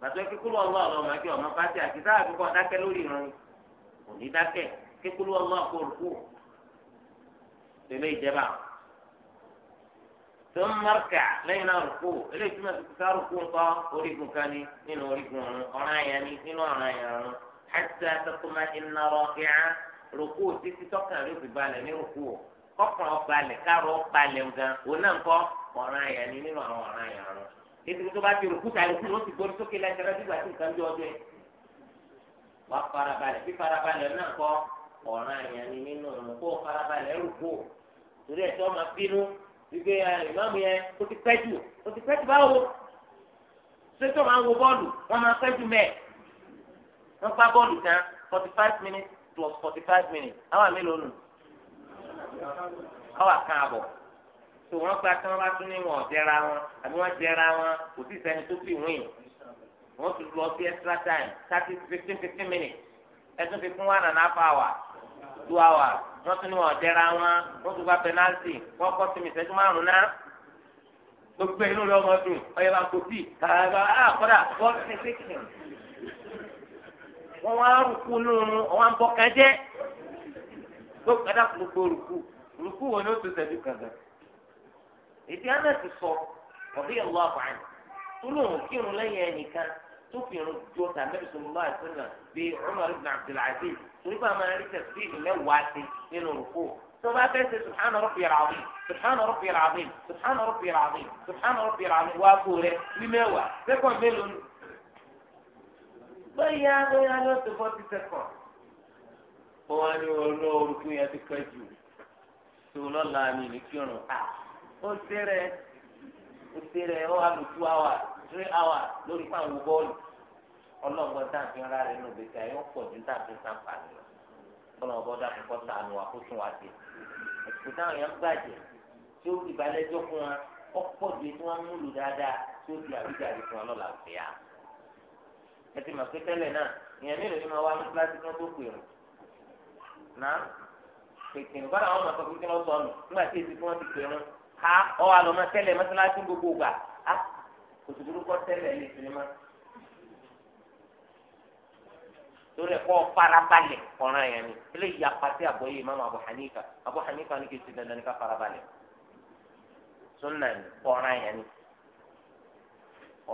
pàtó kí kúlù wọ́n wà ọ̀nà ké ọ̀nà pátì àti tá a dákẹ́ lórí ìran kò dákẹ́ kí kó rúkú tẹ̀lé ìjẹba tó ń mọ́ríkà lẹ́yìn náà rúkú eléyìí túmọ̀ sí ká rúkú ńkọ́ orígun kan ní nínú orígun ọ̀run ọ̀ràn àyàn ní nínú ọ̀ràn àyàn ọ̀run àti àtọ́kùnmá iná rọ̀kìá rúkú títí tọ́kàn o kọ́kàn balẹ̀ kárọ̀ balẹ̀ gan òun náà ńkọ́ ọ̀ràn ta ìgbé ìmáàmù yẹn ó ti pẹ́ jù ó ti pẹ́ jù báwo ṣètò máa ń wo bọ́ọ̀lù wọ́n máa pẹ́ jù mẹ́ẹ̀ wọ́n pa bọ́ọ̀lù tán forty five minutes plus forty five minutes àwa mélòó nù àwa kan àbọ̀ tó wọ́n gba tí wọ́n bá tún ní wọn jẹra wọn àbí wọ́n jẹra wọn kò sí sẹ́ni tó fi wíìn wọ́n tún lọ sí extra time thirty fifteen fifteen minutes ẹ̀sùn fi fún one and a half hour two hours. wọ́n tún ní wọ́n dẹ́ra wọn wọ́n tún gba pẹ́náltì wọ́n kọ́ sí mi ìṣẹ́jú márùn-ún náà gbogbo inú rẹ ọmọ dùn ọyẹ bá kó bíi kàrà àkọ́dà ah, bọ́ọ̀lù ṣẹṣẹkẹ wọ́n wá rúkú lóru wọ́n á bọ́ kájẹ́ gbogbo ẹ̀dá gbogbo rúkú rúkú wo ni ó tó sẹ́dú kankan èdè sọ ọ̀bí ẹ̀wọ́ àbáyé tó kírun lẹ́yìn ẹnìkan tó fi irun jọ tàbí nígbà máa rí tẹ̀sí mẹ́wàá sí nínú rúkú tó bá fẹ́ ṣe subhana rabbi al-azim subhana rabbi al-azim subhana rabbi al-azim subhana rabbi al-azim wá kó rẹ ní mẹ́wàá sẹ́kọ̀n mélòó ni. bóyá bóyá ló ti fọ́tí sẹ́kọ̀n. ó wá ní ọ̀nà orúkú yẹn ti kẹ́ jù tó lọ́la mi ní kírun. ó ṣeré ó ṣeré ó wà lù two hours three hours lórí fáwọn bọ́ọ̀lù ọlọ́gbọ́n tá à ń fi ra rẹ̀ nù gbèsè àyè ó pọ̀ ju tá à ń fi sàǹfààní lọ kọ́nà ọ̀bọ̀dá kọ́kọ́ sànù àkóso wa ti ẹ̀sìn táwọn yẹn ń gbàjẹ́ tí ó ti balẹ̀jọ́ fún wa ọ̀pọ̀ ju tí wọ́n múlò dáadáa tí ó di àwíjàre fún wa lọ́la ọ̀sẹ̀ yá ẹ ti mọ̀ pé tẹ́lẹ̀ náà ìyẹn mélòó ni máa wá ní kíláàsì kí wọ́n tó pè wọ́n náà pèsè nígbà náà wọ́n máa sọ pé kí nígbà tí èsì tí wọ́n ti pè wọ́n ká ọ wa lọ mọ tẹ́lẹ̀ mọ́sálásí gbogbo gbà á ah, kò sì tẹ́lẹ̀ lè sinimá torí ẹ̀kọ́ farabalẹ̀ ọ̀ràn yẹn ni eléyìí apàtẹ àbọ̀yé imáàmù Abu Hanifa Abu Hanifa ni kì í ti dandan ní ká farabalẹ̀ sunna ni ọ̀ràn yẹn ni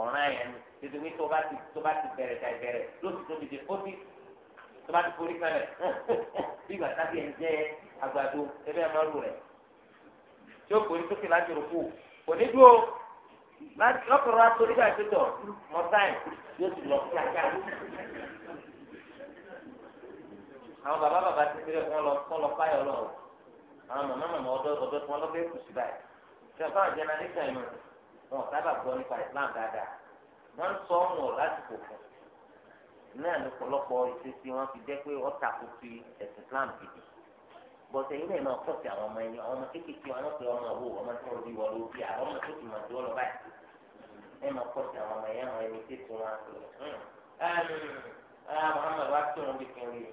ọ̀ràn yẹn ni tètè mi tó bá ti tó bá ti bẹ̀rẹ̀ ta ìbẹ̀rẹ̀ lóṣù tó ti di fóbi tó bá ti forí kalẹ̀ bígbà tábí ẹ̀ ń jẹ́ àgbàdo ẹbẹ̀ ẹ̀ máa rù rẹ̀ tí ó forí sókè láti rò kù kò ní dúró lọ́kùnrin wa torí bá ẹ̀ tó tọ̀ mọ́tàn yóò ti lọ kíákíá àwọn bàbá bàbá ti fi rẹ kí wọn lọ kọ lọ fáyọ lọ àwọn màmá màmá ọ̀dọ́ ọ̀dọ́ tí wọn lọ fẹẹ kù sí báyìí ṣe fáwọn jẹnẹrẹsẹ inú wọn sábà gbọ́ nípa Islam dáadáa wọn sọ ọmọ lásìkò fún náà ní pọ̀lọpọ̀ ìṣesí wọn fi jẹ pé ọta kò fi ẹsìn Islam gidi bọ̀sẹ̀ yìí náà máa kọ̀ọ̀tì àwọn ọmọ ẹni ọmọ kékeré wọn pé ọmọ owó ọmọ tí wọn bí wọn ló bí àwọn ọmọ tó ti mọ̀ sí wọn lọ báyìí ẹ máa kọ̀ọ̀tì àwọn ọmọ ẹ̀yà àwọn ẹni tètè wọn. Hmm.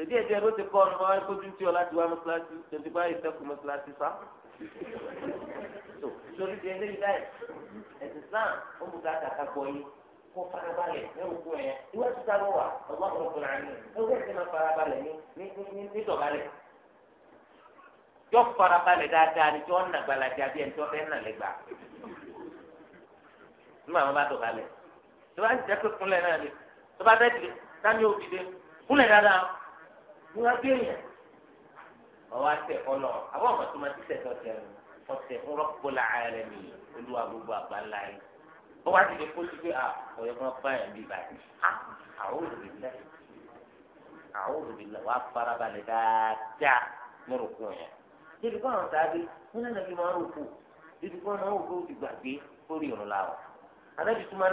tẹ̀dí ẹ̀jẹ̀ ló ti kọ́ ọ́nùmọ́ ẹ̀kọ́jú tí ọ láti wá mọ́sálásí tẹ̀dí báyìí sẹ́kù mọ́sálásí sá. sórí ti ẹlẹ́yìí báyìí ẹ̀sìn Islam ó mú ká kàkà gbọ́ yìí kó farabalẹ̀ ẹ̀rù fún ẹ̀yẹ iwájú ta ló wà ọgbọ́n ọ̀rọ̀kùnrin àná ẹ̀rù ẹ̀sìn máa farabalẹ̀ ní nítọ̀balẹ̀. yọ farabalẹ̀ dáadáa ni tí wọ́n nà gbalaja bí ẹni tí wọ́n fẹ́ nà lẹ́gbàá. nígbà wọn bá dọ̀balẹ̀ tó bá ń ní wọn gbé yẹn ọwọ àtẹ ọlọ àwọn ọmọ tó máa ti sẹsọ tẹnu ọtẹ fún rọpòlà ààrẹ mi olúwa gbogbo àgbáńlá yìí ọwọ àti lè kó síbi à ọyọ fún ọba yẹn bí báyìí à àwọn olùdílẹ àwọn olùdílẹ wà farabalẹ̀ dáadáa ní rògbò yẹn débi kọ́ àwọn sáábì wọn náà fi máa ń rògbò débi kọ́ àwọn ògbó ti gbàgbé lórí ìrùn làwọn adájú tó máa ń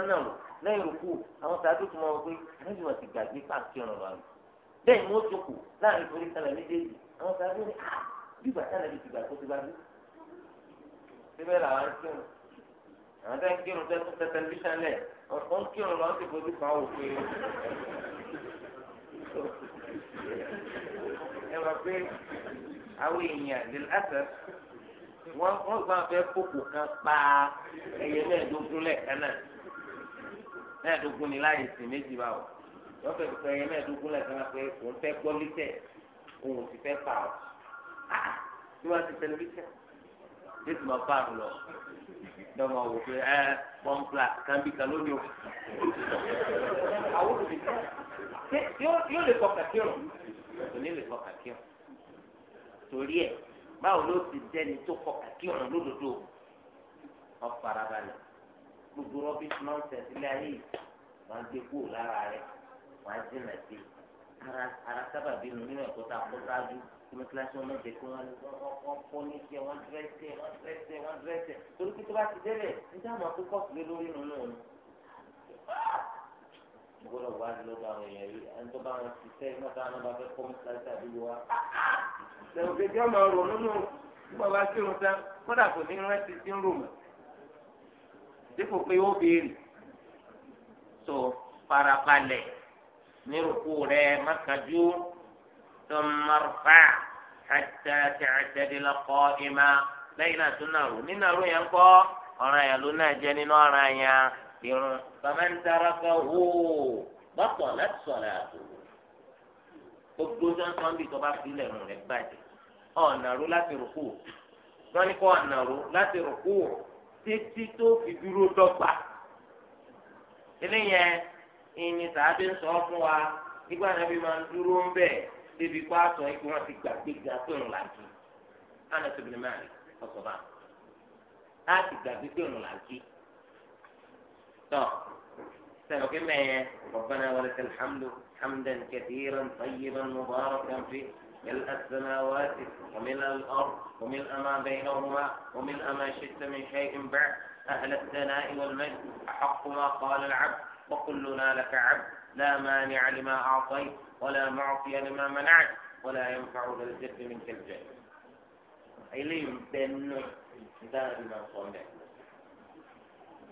lẹ́yìn rògbò àwọn sáábì tó máa bẹ́ẹ̀ ni wọ́n jókòó láàrin torí kalẹ̀ méjèèjì àwọn sábẹ́ ní à ah, bí bàtà náà lè dìgbà tó ti bá dé. síbẹ̀ làwọn ń kírun àwọn tẹ́ ń kírun tẹ́ tún tẹ́tẹ́ lóṣàn lẹ̀ wọ́n ń kírun lọ́n ti fojú kan wò pé ẹ wà pé àwọn èèyàn lè lásẹ̀ wọ́n wọ́n gbọ́n fẹ́ kókò kan pa ẹyẹ mẹ́ẹ̀ẹ́dógún lẹ̀ kánà mẹ́ẹ̀ẹ́dógún ni láyé sí méjì báwò wọ́n fẹ́ fẹ́ yẹn mẹ́ẹ̀ẹ́dógún lẹ́sẹ̀ náà pé òun fẹ́ gbọ́ lítẹ̀ òun sì fẹ́ pa ọ́ tí ah! wọ́n ti tẹ̀lé lítẹ̀ yóò ti máa bá a lọ lọ́mọ wò pé ẹ pọ́ńpla kàmbí kalóni o àwọn olùdíje yóò lè kọ́ kàkírùn kò ní lè kọ́ kàkírùn torí ẹ̀ báwo ló ti dẹni tó kọ́ kàkírùn lódodo ọ farabalẹ̀ gbogbo rọ́bìtì nọ́ọ̀sẹ̀ sílẹ̀ ayé yìí wọ́n á gbé kúrò lára rẹ̀ wà á jìnà sí ara ara sábà bínú nínú ẹ̀kọ́ tá a kó sáájú kí mọ́tíláṣí wọn mẹ́jẹ kí wọ́n wọ́n kó ní tiẹ̀ wọ́n dírẹ́sẹ̀ wọ́n dírẹ́sẹ̀ wọ́n dírẹ́sẹ̀ torí pé tó bá ti débẹ̀ níta àwọn akókò sílé lórí nínú òun. mo gbọ́dọ̀ wá lọ́dọ̀ àwọn èèyàn yìí ẹni tó bá wọn ti sẹ́ iná tá bá fẹ́ kọ́ mọ́tíláṣí àdúgbò wa. ṣèwọ́n kejì ọmọ rò nínú nígbà wá sí irun tán kódà kò ní rántí sí ń dípò pé ó béèrè so farabalẹ̀ نركو rẹ mákàjú ثم mọ̀rfà حتى ta'tadil qa'ima lẹ́yìn náà tún ينقى nínú àrò yẹn kọ́ ọ̀ràn yẹn ló náà jẹ́ nínú ọ̀ràn yẹn irun faman tarakahu batalat salatuhu gbogbo sọ́nsọ́n bíi tó bá filẹ̀ rùn rẹ̀ bàjẹ́ ọ̀nàró láti rúkú wọ́n ní láti rúkú títí tó fi dúró dọ́gba eléyẹn. ìní sàábí ń sọ fún wa nígbà náà bí máa ń dúró ń bẹ̀ débi kó àtọ̀ ikú wọn ti gbàgbé ga pé òun là jí ana tóbi ní mẹ́rin ọ̀sọ̀ bá a ti gbàgbé pé òun là jí tọ́ sẹ́nu kí mẹ́yẹ ọ̀gbọ́n náà wọlé sẹ́nu hamdu hamdan kathiran tayyiban mubarakan fi. ملء السماوات وملء الأرض وملء ما بينهما وملء ما شئت من شيء بعد أهل الثناء والمجد أحق ما قال العبد وكلنا لك عبد لا مانع لما أعطيت ولا معطي لما منعت ولا ينفع ذا الجد منك الجد إليم بن دار ما صنع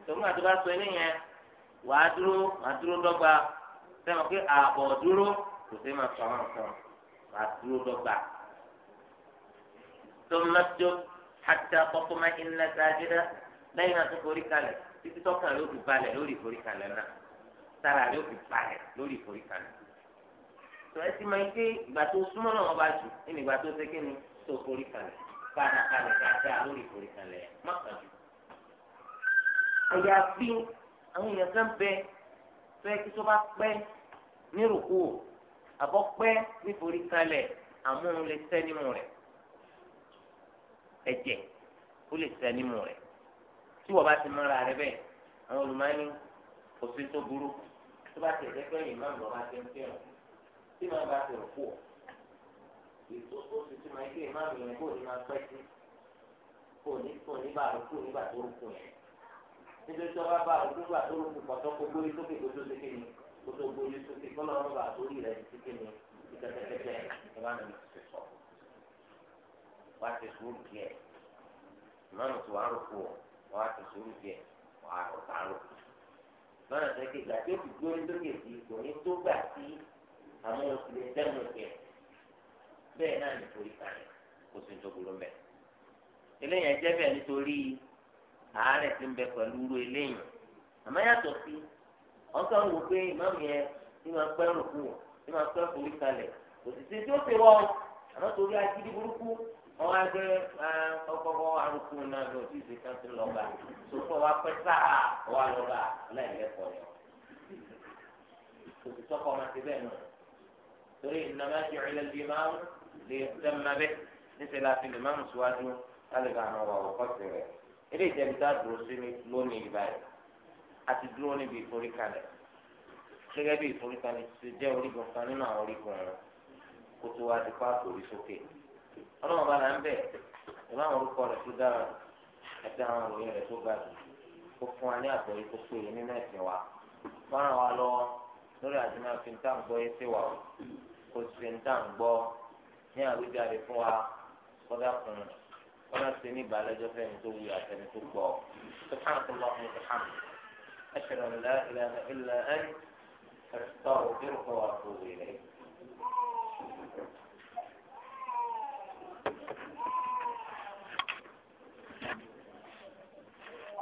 ثم أتبع سنية وأدرو أدرو دبا sẹ́wọ̀n pé ààbọ̀ dúró kò sí máa sọ̀rọ̀ sọ̀rọ̀ wà á dúró dọ́gba. tó mẹ́jọ hatta kọ́kọ́ máa ń lẹ́sàájú dá lẹ́yìn àti forí kalẹ̀ títí tọ́kàn ló dùn balẹ̀ lórí forí kalẹ̀ náà. sára rẹ ó fi balẹ̀ lórí ìforíkalẹ̀ tó ẹ ti máa ń gbé ìgbà tó súnmọ́ náà wọ́n bá jù nínú ìgbà tó ṣẹ́kẹ́ ni tó foríkalẹ̀ fara kalẹ̀ dáadáa lórí ìforíkalẹ̀ mọ́kànjú. àyàfi àwọn èèyàn kan bẹ tó ẹ kí tó bá pẹ́ nírùkú àbọ̀ pẹ́ níforíkalẹ̀ àmúhun lè sẹ́ nímú rẹ̀ ẹ̀jẹ̀ ó lè sẹ́ nímú rẹ̀ tí wọ́n bá ti mọ́ra rẹ bẹ́ẹ̀ àwọn olùmọ̀ kò sí tó burú tó bá tẹ̀ dẹ́pẹ́ yìí máa ń lọ bá tẹ̀ ń fẹ́ràn tí màá bá tẹ̀ fò ètò tó sì ti máa ń gbé máa mi yẹn kó ní máa pẹ́ sí kó ní kó ní bá rò kó nígbà tó rò kó yẹn nítorí tó bá bá rò kó nígbà tó rò kó pọ̀tọ́ kó gbórí sókè kó tó ṣe kéde kó tó gbórí sókè kó lọ́wọ́ bá torí rẹ̀ ṣe kéde ìtẹ̀tẹ̀tẹ̀tẹ̀ ẹ̀ lọ́nà tó ké gbà tí ó ndọrọ gbórí lókè sí kò ní tó gbà sí àwọn òṣèlú dẹ́nu kẹ bẹ́ẹ̀ náà ní torí kalẹ̀ kò sí tó mẹ́. eléyìí ẹjẹ́ bẹ́ẹ̀ nítorí àárẹ̀ ti ń bẹ pẹ̀lú eléyìí àmọ́ yàtọ̀ sí ọ̀sán wò pé ìmáàmù yẹn ní máa pẹ́ ní máa pẹ́ wọn wá gbé eh, ọkọọkọ arúgbó náà lọ sí ìdí kan tó lọba sọfọ wa pẹ sáà wà lọba aláìlẹkọọ yẹn òsì tọkọ ọmọ ti bẹ́ẹ̀ nù torí ìnáwó ti ọ̀rẹ́ lẹ́bi máa ń lè tẹ́mọ bẹ́ẹ̀ níṣẹ́ la fi lè máa ń síwájú alẹ́gbẹ́ àwọn ọ̀wà ọ̀kọ́ sí rẹ̀ eré ìjẹ́bíta dúró sí mi lónìí ìbáyìí àti dúró níbi ìforíkalẹ̀ gẹ́gẹ́ bí ìforíkalẹ̀ ti jẹ́ orígun kan nínú àwọn orígun rẹ̀ kó tó wá ti pa àpòrí sókè ọlọ́run bá là ń bẹ̀ ìmọ̀ àwọn orúkọ rẹ̀ tó dára àti àwọn òròyìn rẹ̀ tó ga jù kó fún wa ní àgbọ̀yé tó péye nínú ẹ̀sìn wa fọ́nrán wa lọ́wọ́ lórí àdínà fi ń tàn gbọ́ yé sí wa kò sì ń tàn ní àwíjàre fún wa kọ́dà kùn kọ́dà sí ní ìbàlẹ́jọ́ fẹ́ni tó wù àtẹni tó gbọ́ أشهد أن لا إله إلا أنت أستغفرك وأتوب إليك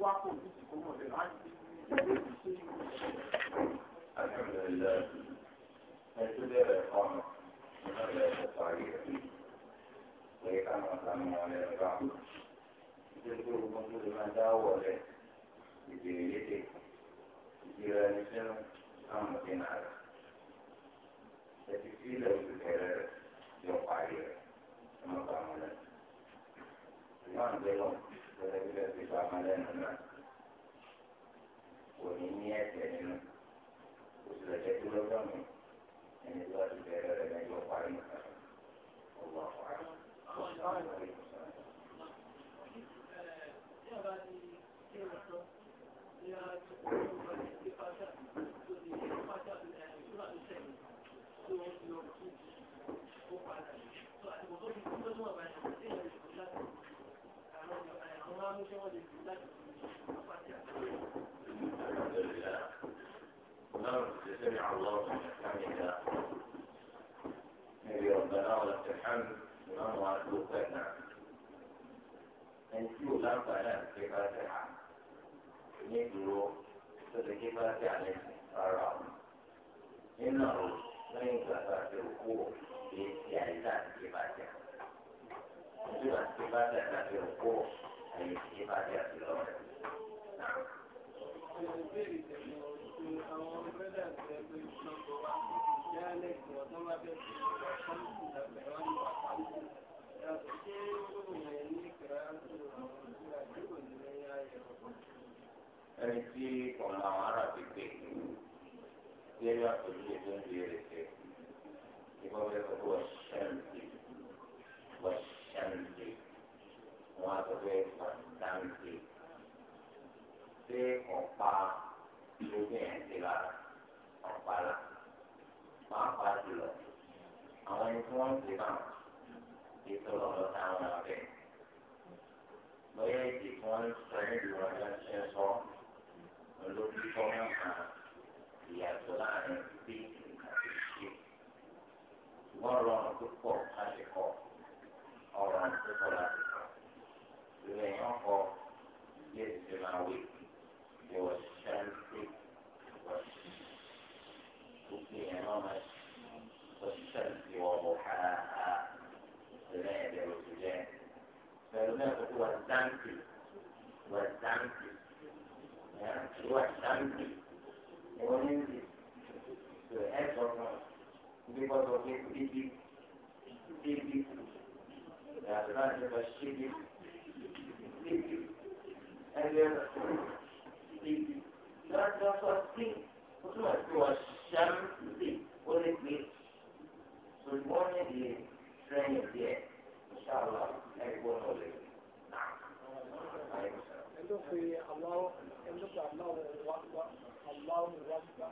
wá kò 那只是两个，像那个，那个本来是平，现在往高了抬了。你修两层，开发商，你修，这是开发商的转让。你弄，能用多少就补，你欠一万块钱，你一万七千块钱就补。ẹni tí ọ̀nà àwọn ará ti pè tí ẹni wá pẹ̀lú ètò ń bèèrè ṣe ìbọn bẹ́ẹ̀ kọ́kọ́ wọ́n ṣẹ́ǹtì wọ́n ṣẹ́ǹtì. wọn abẹ́rẹ́ pàṣípàǹtì ṣé ọ̀pá lójú yẹn ti lára ọ̀pá la máa pa jùlọ àwọn ẹni tí wọ́n ń ṣe náà ti sọ̀rọ̀ lọ sáwọn abẹ́ lọ́yẹ̀ èdè tí wọ́n ń sọ níbi wọn lọ sí ẹ sọ olórí tó ń hàn ìyàtọ̀ láàrin bí àti ṣe wọ́n rọrùn tó pọ̀ láti kọ́ ọ̀rọ̀ àti tó pọ̀ láti kọ́. ìrẹ̀ yẹn kọ bí ẹ̀sìn ti máa wé ìwọ ṣáńtì ìwọ gbogbo yẹn náà máa wọ ṣáńtì ìwọ bọ̀ háàhá ìrẹ̀ yẹn bẹ̀rù sí jẹ́ pẹ̀lú náà kókó wà ṣáńtì ìwọ ṣáńtì ìwọ ṣáńtì ìwọ ní ìdí ẹ̀ sọ fún un bí wọ́n sọ pé bíbí bíbí ìyàtọ̀ náà ti lọ ṣíbí. 80, and then 80. Not just for sleep. What's my poor sham sleep? What it means. So you want to be trained there. Inshallah, everyone will live. Ẹjọ́ pé aláwọ̀ ẹjọ́ pé aláwọ̀ wákpá aláwọ̀ wákpá.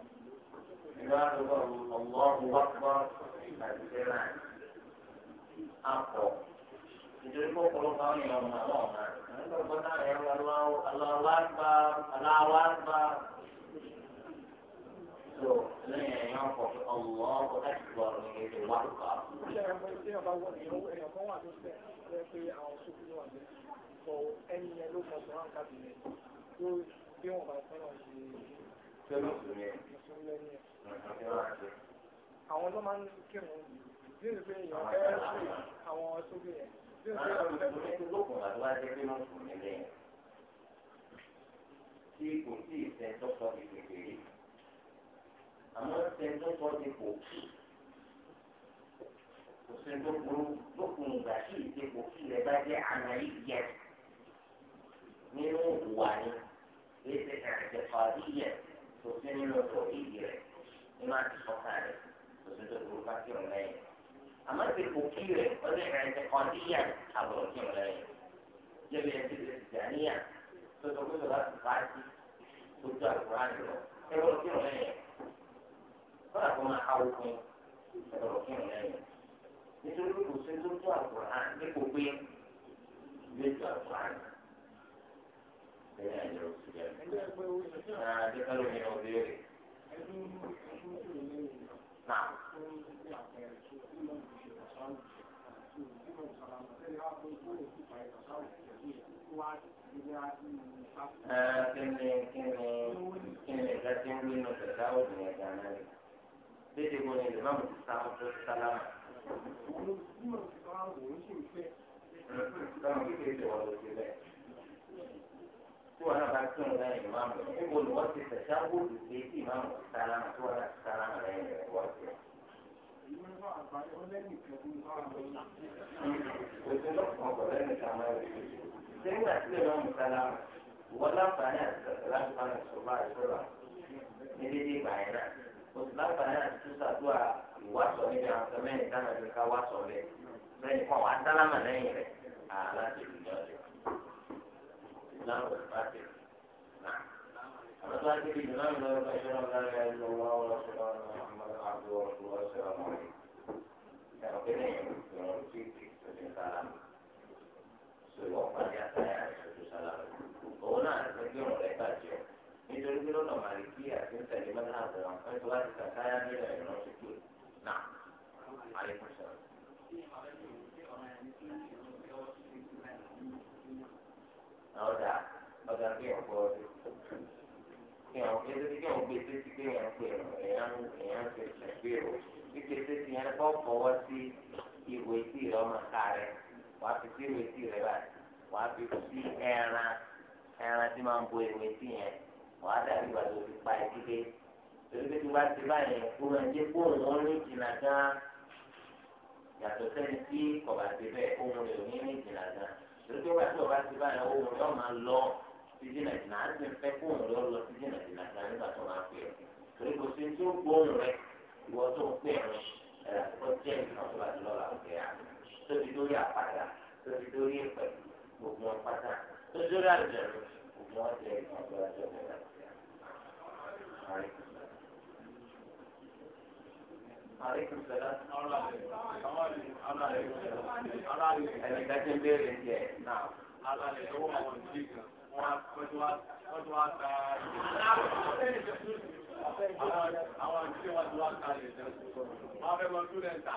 Ìgbà tó bá wù aláwọ̀ wákpá àti sẹ́nà àpọ̀ nítorí pé ọ̀pọ̀lọpọ̀ àwọn èèyàn ọ̀nà àwọn ọ̀nà nígbàgbọ́ náà ẹ̀rọ aláwágbá aláwágbá tó lẹ́yìn ẹ̀yàn ọkọ̀ ọ̀wọ́ ọkọ̀ láti gbọ́ ọ̀rọ̀ èdè wá lùkà. Àwọn ọlọ́mọ ń kírun bí ìgbé èèyàn fẹ́ ṣe àwọn sóbì yẹn àwọn mùsùlùmí ti lókun àdúrà jẹ́ pé mùsùlùmí lẹ́yìn tí kò sí ìsẹ̀ńtọ́sọ ti kékeré àmọ́ ìsẹ̀ńtọ́sọ ti kò kí kò sẹ́ńtọ́ burú lókun ìgbà tí ìṣe kò kí rẹ̀ bá jẹ́ àná ìyẹ nínú àmọ́ ti kò kí rẹ̀ ọdún ìrìnàjò kan níyà àbọ̀ kí n rẹ̀ jẹ́bi ẹ̀ ti ti àníyà tó tó gbọ́dọ̀ láti bá sí gbogbo àkùrá ni lọ ẹ̀rọ kí n rẹ̀ kọ́dà kó máa káwó fún ẹ̀rọ kí n rẹ̀ nítorí kò sí tó tó nípò pé ilé tó àkùrá ni. Bẹ́ẹ̀ni ẹ̀rọ sì jẹ́ ẹ̀rọ. kíni kíni kíni ìgbà tí ń gbénu tẹ̀sà òdìyẹ gánà rẹ̀ léde wo ni ìlú àmì ti sáwọn tó sálámà. Báwo ni kéde wọ́n lọ sí bẹ́ẹ̀? Tí wọ́n náà bá ń kírun lẹ́yìn ìmáàmù, sẹ́yìn àti ìlú ọmọ sálámù wọ́n láǹfààní àti láǹfààní ìṣọ̀bá ìṣọ̀bá ní dédé ìgbà yẹn náà o sì láǹfààní àti túṣàdúrà ìwàsọ̀ níbi àwọn ọ̀sẹ̀ mẹ́rin dáná ju ká wàsọ̀ rẹ̀ lẹ́yìn kan wà á sálámà lẹ́yìn rẹ̀ aláṣẹ ìlú ọ̀sẹ̀ ìlànà ìbáṣẹ̀ náà. أنا ذاك الإمام لا يشهد أن لا إله إلا الله ورسول الله محمد عبده ورسوله السلام عليكم ìwọ pàdé àtàyà rẹ ṣoṣo sálámù òun náà rẹ pé ìrùn rẹ bàjẹ́ nítorí pé lọ́nà màlìkí àti ìtẹ̀lé bá náà bọ̀ wọn fẹ́ẹ́ tó wá ti kàtáyà nílẹ̀ ìrún sí pé náà àlékún sọ. ọ̀dà ọ̀dà kí ọ̀pọ̀ èèyàn kéde kí ọ̀hún gbé títí pé èèyàn pè ọ̀hún èèyàn èèyàn ṣe ṣàgbéró bí kéde tí yẹn bọ́ fọwọ́ sí ìwé tí ìrọ́mọ ká rẹ̀ wàá fi sí ìrètí rẹ báyìí wàá fi sí ẹran ẹran tí máa ń bo ìrètí yẹn wàá dàbí ìgbà tó ti pa ìdílé torí pé tí wàá ti báyìí kó máa jẹ kó òun ní ìjìnlá gan yàtọ̀ sẹ́ni tí kọ̀bà ti bẹ́ẹ̀ òun rẹ̀ ò ní ní ìjìnlá gan torí pé wàá tí ọba ti báyìí òun yóò máa lọ sí jìnà jìnà á sì fẹ́ kó lọ lọ sí jìnà jìnà gan nígbà tó máa pè é torí kò sí tí ó gbóhùn rẹ ìwọ tó ń pè é rẹ ẹ̀ tóbi lórí àpáta tóbi lórí ìpè gbogbo ọpáta tóbi lórí àjẹrò gbogbo ọjẹ ìpàdé ọjọ mẹ́ta. Àríkùn sẹ́lá. Ẹ̀yìn dájú ń béèrè jẹ náà. Alálẹ̀ owó àwọn ìdílé kan, wọ́n ti wá ta àwọn ìdílé wọn ti wá ta lè jẹun. Wọ́n fẹ́ mọ túlẹ̀ ta.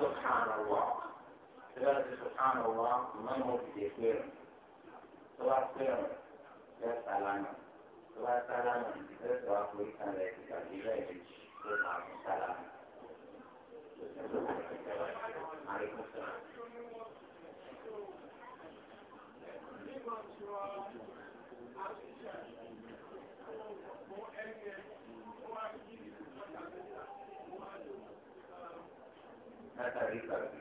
subhanallah tí wọ́n ti subhanallah ìmáàmù òdìdè pẹ́rẹ́ tó bá pẹ́rẹ́ lẹ́ sálámà tó bá sálámà lẹ́ sọ àforí kalẹ̀ ìgbàgbé bẹ́ẹ̀ lè jì tó bá sálámà. Alaikum salam. Thank you. látàrí ìgbàgbé.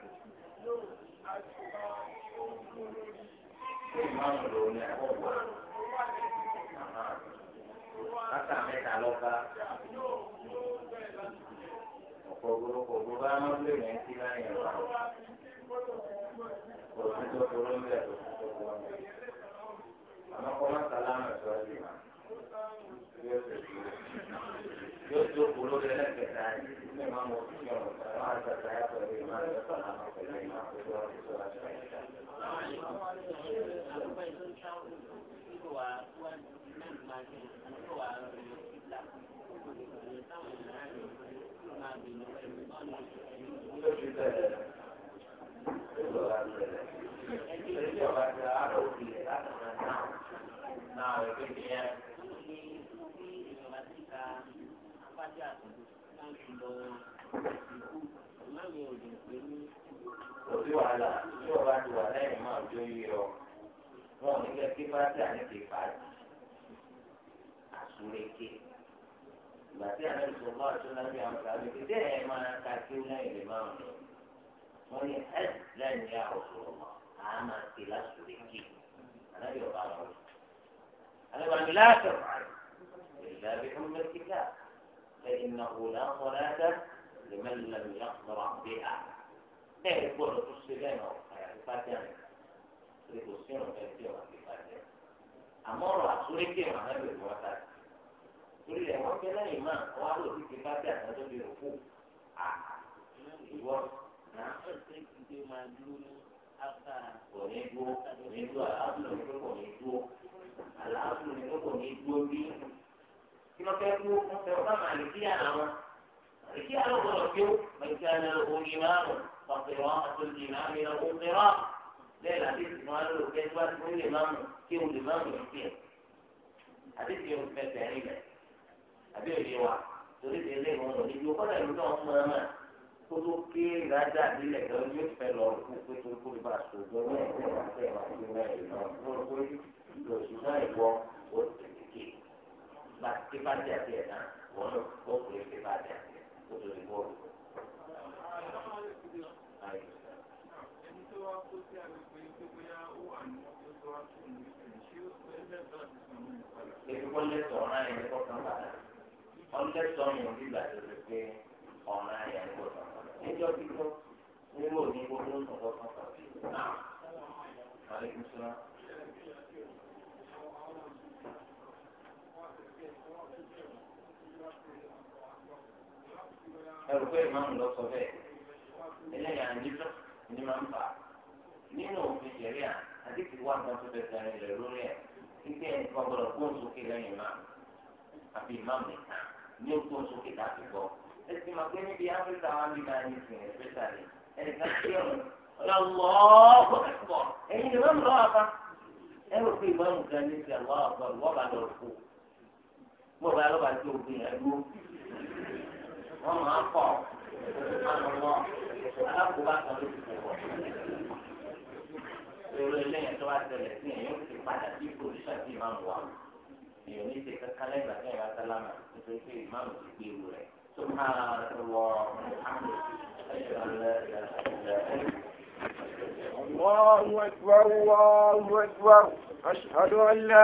ìmáàmù ló ní àkọ́kọ́ látà mẹ́ta lọ́ba ọ̀pọ̀ gbogbo bá má lè rẹ̀ ń tíra yẹn wá òtún tó burú ń bẹ̀ òtún tó burú ń bẹ̀ àmọ́ kọ́ má sálámù ẹ̀sọ́ ẹ̀sìn máa bí ó ṣe dúró yóò tó kúrò lẹ́lẹ́ kẹta yìí ní ìmọ̀ mọ̀ sí ọ̀rọ̀ ẹ̀rọ àgbàdo ayàtọ̀ ní ìmọ̀ ẹ̀rọ sọ̀rọ̀ àwọn pẹ̀lú ìmọ̀ àkókò ọ̀rọ̀ ìṣòro àti ìṣòro. Now, if we can, kò sí wàhálà tí o bá ti wà lẹ́yìn máa jó yí ọ wọn ò ní kẹ́ kí fásitì àní ti fà á àsúrékè ìgbà tí àná ìṣòro bá tó náà bí àwọn sàbẹ̀ kí bẹ́ẹ̀ ẹ máa ka kí ó náà ìlè máa mú wọn ní ẹ lẹ́yìn ní àwòsàn ọmọ a máa ti lásúrékè àná yóò bá wọn. àlẹ́ bàmí láàtọ̀ ìlà bí wọ́n. فإنه لا صلاة لمن لم يقدر بها ẹ gbọ́dọ̀ tó ṣe lẹ́nu àyàfi fàtíà ní ṣe kò sí ọ̀rọ̀ ẹ̀ tí ọ̀ àti fàtíà àmọ́ ọ̀rọ̀ àtúrékè wọn náà lè wọ́n ta torí ẹ̀ wọ́n ti fàtíà náà tó di òkú àhà ìwọ náà kò ní dúró kò ní dúró àlàáfíà ní kò ní dúró àlàáfíà ní kò ní dúró bí kí wọ́n fẹ́ kú wọ́n fẹ́ wọ́n máa lè kíyà àwọn àlèkíyà ló gbọ́dọ̀ kí ó mẹjọ ní ọ̀hún ìmáàmù ọ̀pẹ̀rọ̀ àtòlù ìmáàmù ìlọ́wọ́ pẹ̀rọ̀ bẹ́ẹ̀ láti ìsìn wọn lò pé wọ́n ti fún ìmáàmù kí wọ́n lè máàmù ìkí ẹ̀ àti ti ohun fẹsẹ̀ rẹ̀ àbí òye wa torí ti ilé ìwọ̀n òní ju kọ́lá ìlú náà fún ọmọ kó tó ké ìrajà àbílẹ̀ lọ ní ìfẹ́ lọ kó tó tó kó lè bá aṣojú ọmọ ẹ̀kọ́ ìwọ̀n àti ìwọ̀n ìlọ́wọ́ bá ké bá dé àti ẹ̀ náà lọ wọ́n pè é ké bá dé kó tó lè bọ́ ọ̀rọ̀. Èdùkọ́ lẹ́sọ̀ ọ̀rá yẹn kọ́ kan padà. Ọ̀lẹ́sọ̀ yẹn bí gbàdúrà lè pé ọ̀rá yẹn kọ́ kan padà. Ẹjọ́ kíkọ́ nílò ní gbogbo nǹkan kan kan. Náà, àlékún sọ́nà. ẹrù pé ìmáàmù lọ sọ bẹ́ẹ̀ ẹlẹ́yà nílò ní máa ń fà nínú òfin ṣẹ̀ríà àti ti wá nǹkan tó bẹ̀rẹ̀ sáré rẹ̀ lórí ẹ̀ kíkẹ́ ẹnìkan gbọ́dọ̀ kó sókè lẹ́yìn ìmáàmù àbí ìmáàmù nìkan ní o kó sókè láti gbọ́ ẹsì máa gbé níbi áfíríkà lọ́wọ́ pé ìmáàmù wọ́n máa pọ̀ àlọ́mọ́ alákòóbá kan ló ti pọ̀ pọ̀. Èrò eléyìí tó wá tẹ̀lé sí ẹ̀yìn ó ti padà sí pòlíṣà sí ìmáàmù wa. Èèyàn ní ti kankan lẹ́gbà tí ẹ̀yà sálámà nítorí pé ìmáàmù ti gbé ewu rẹ̀. Tó máa lọ àmì ẹ̀yọ̀ lẹ́yìn ẹ̀yọ̀ الله أكبر الله أكبر أشهد أن لا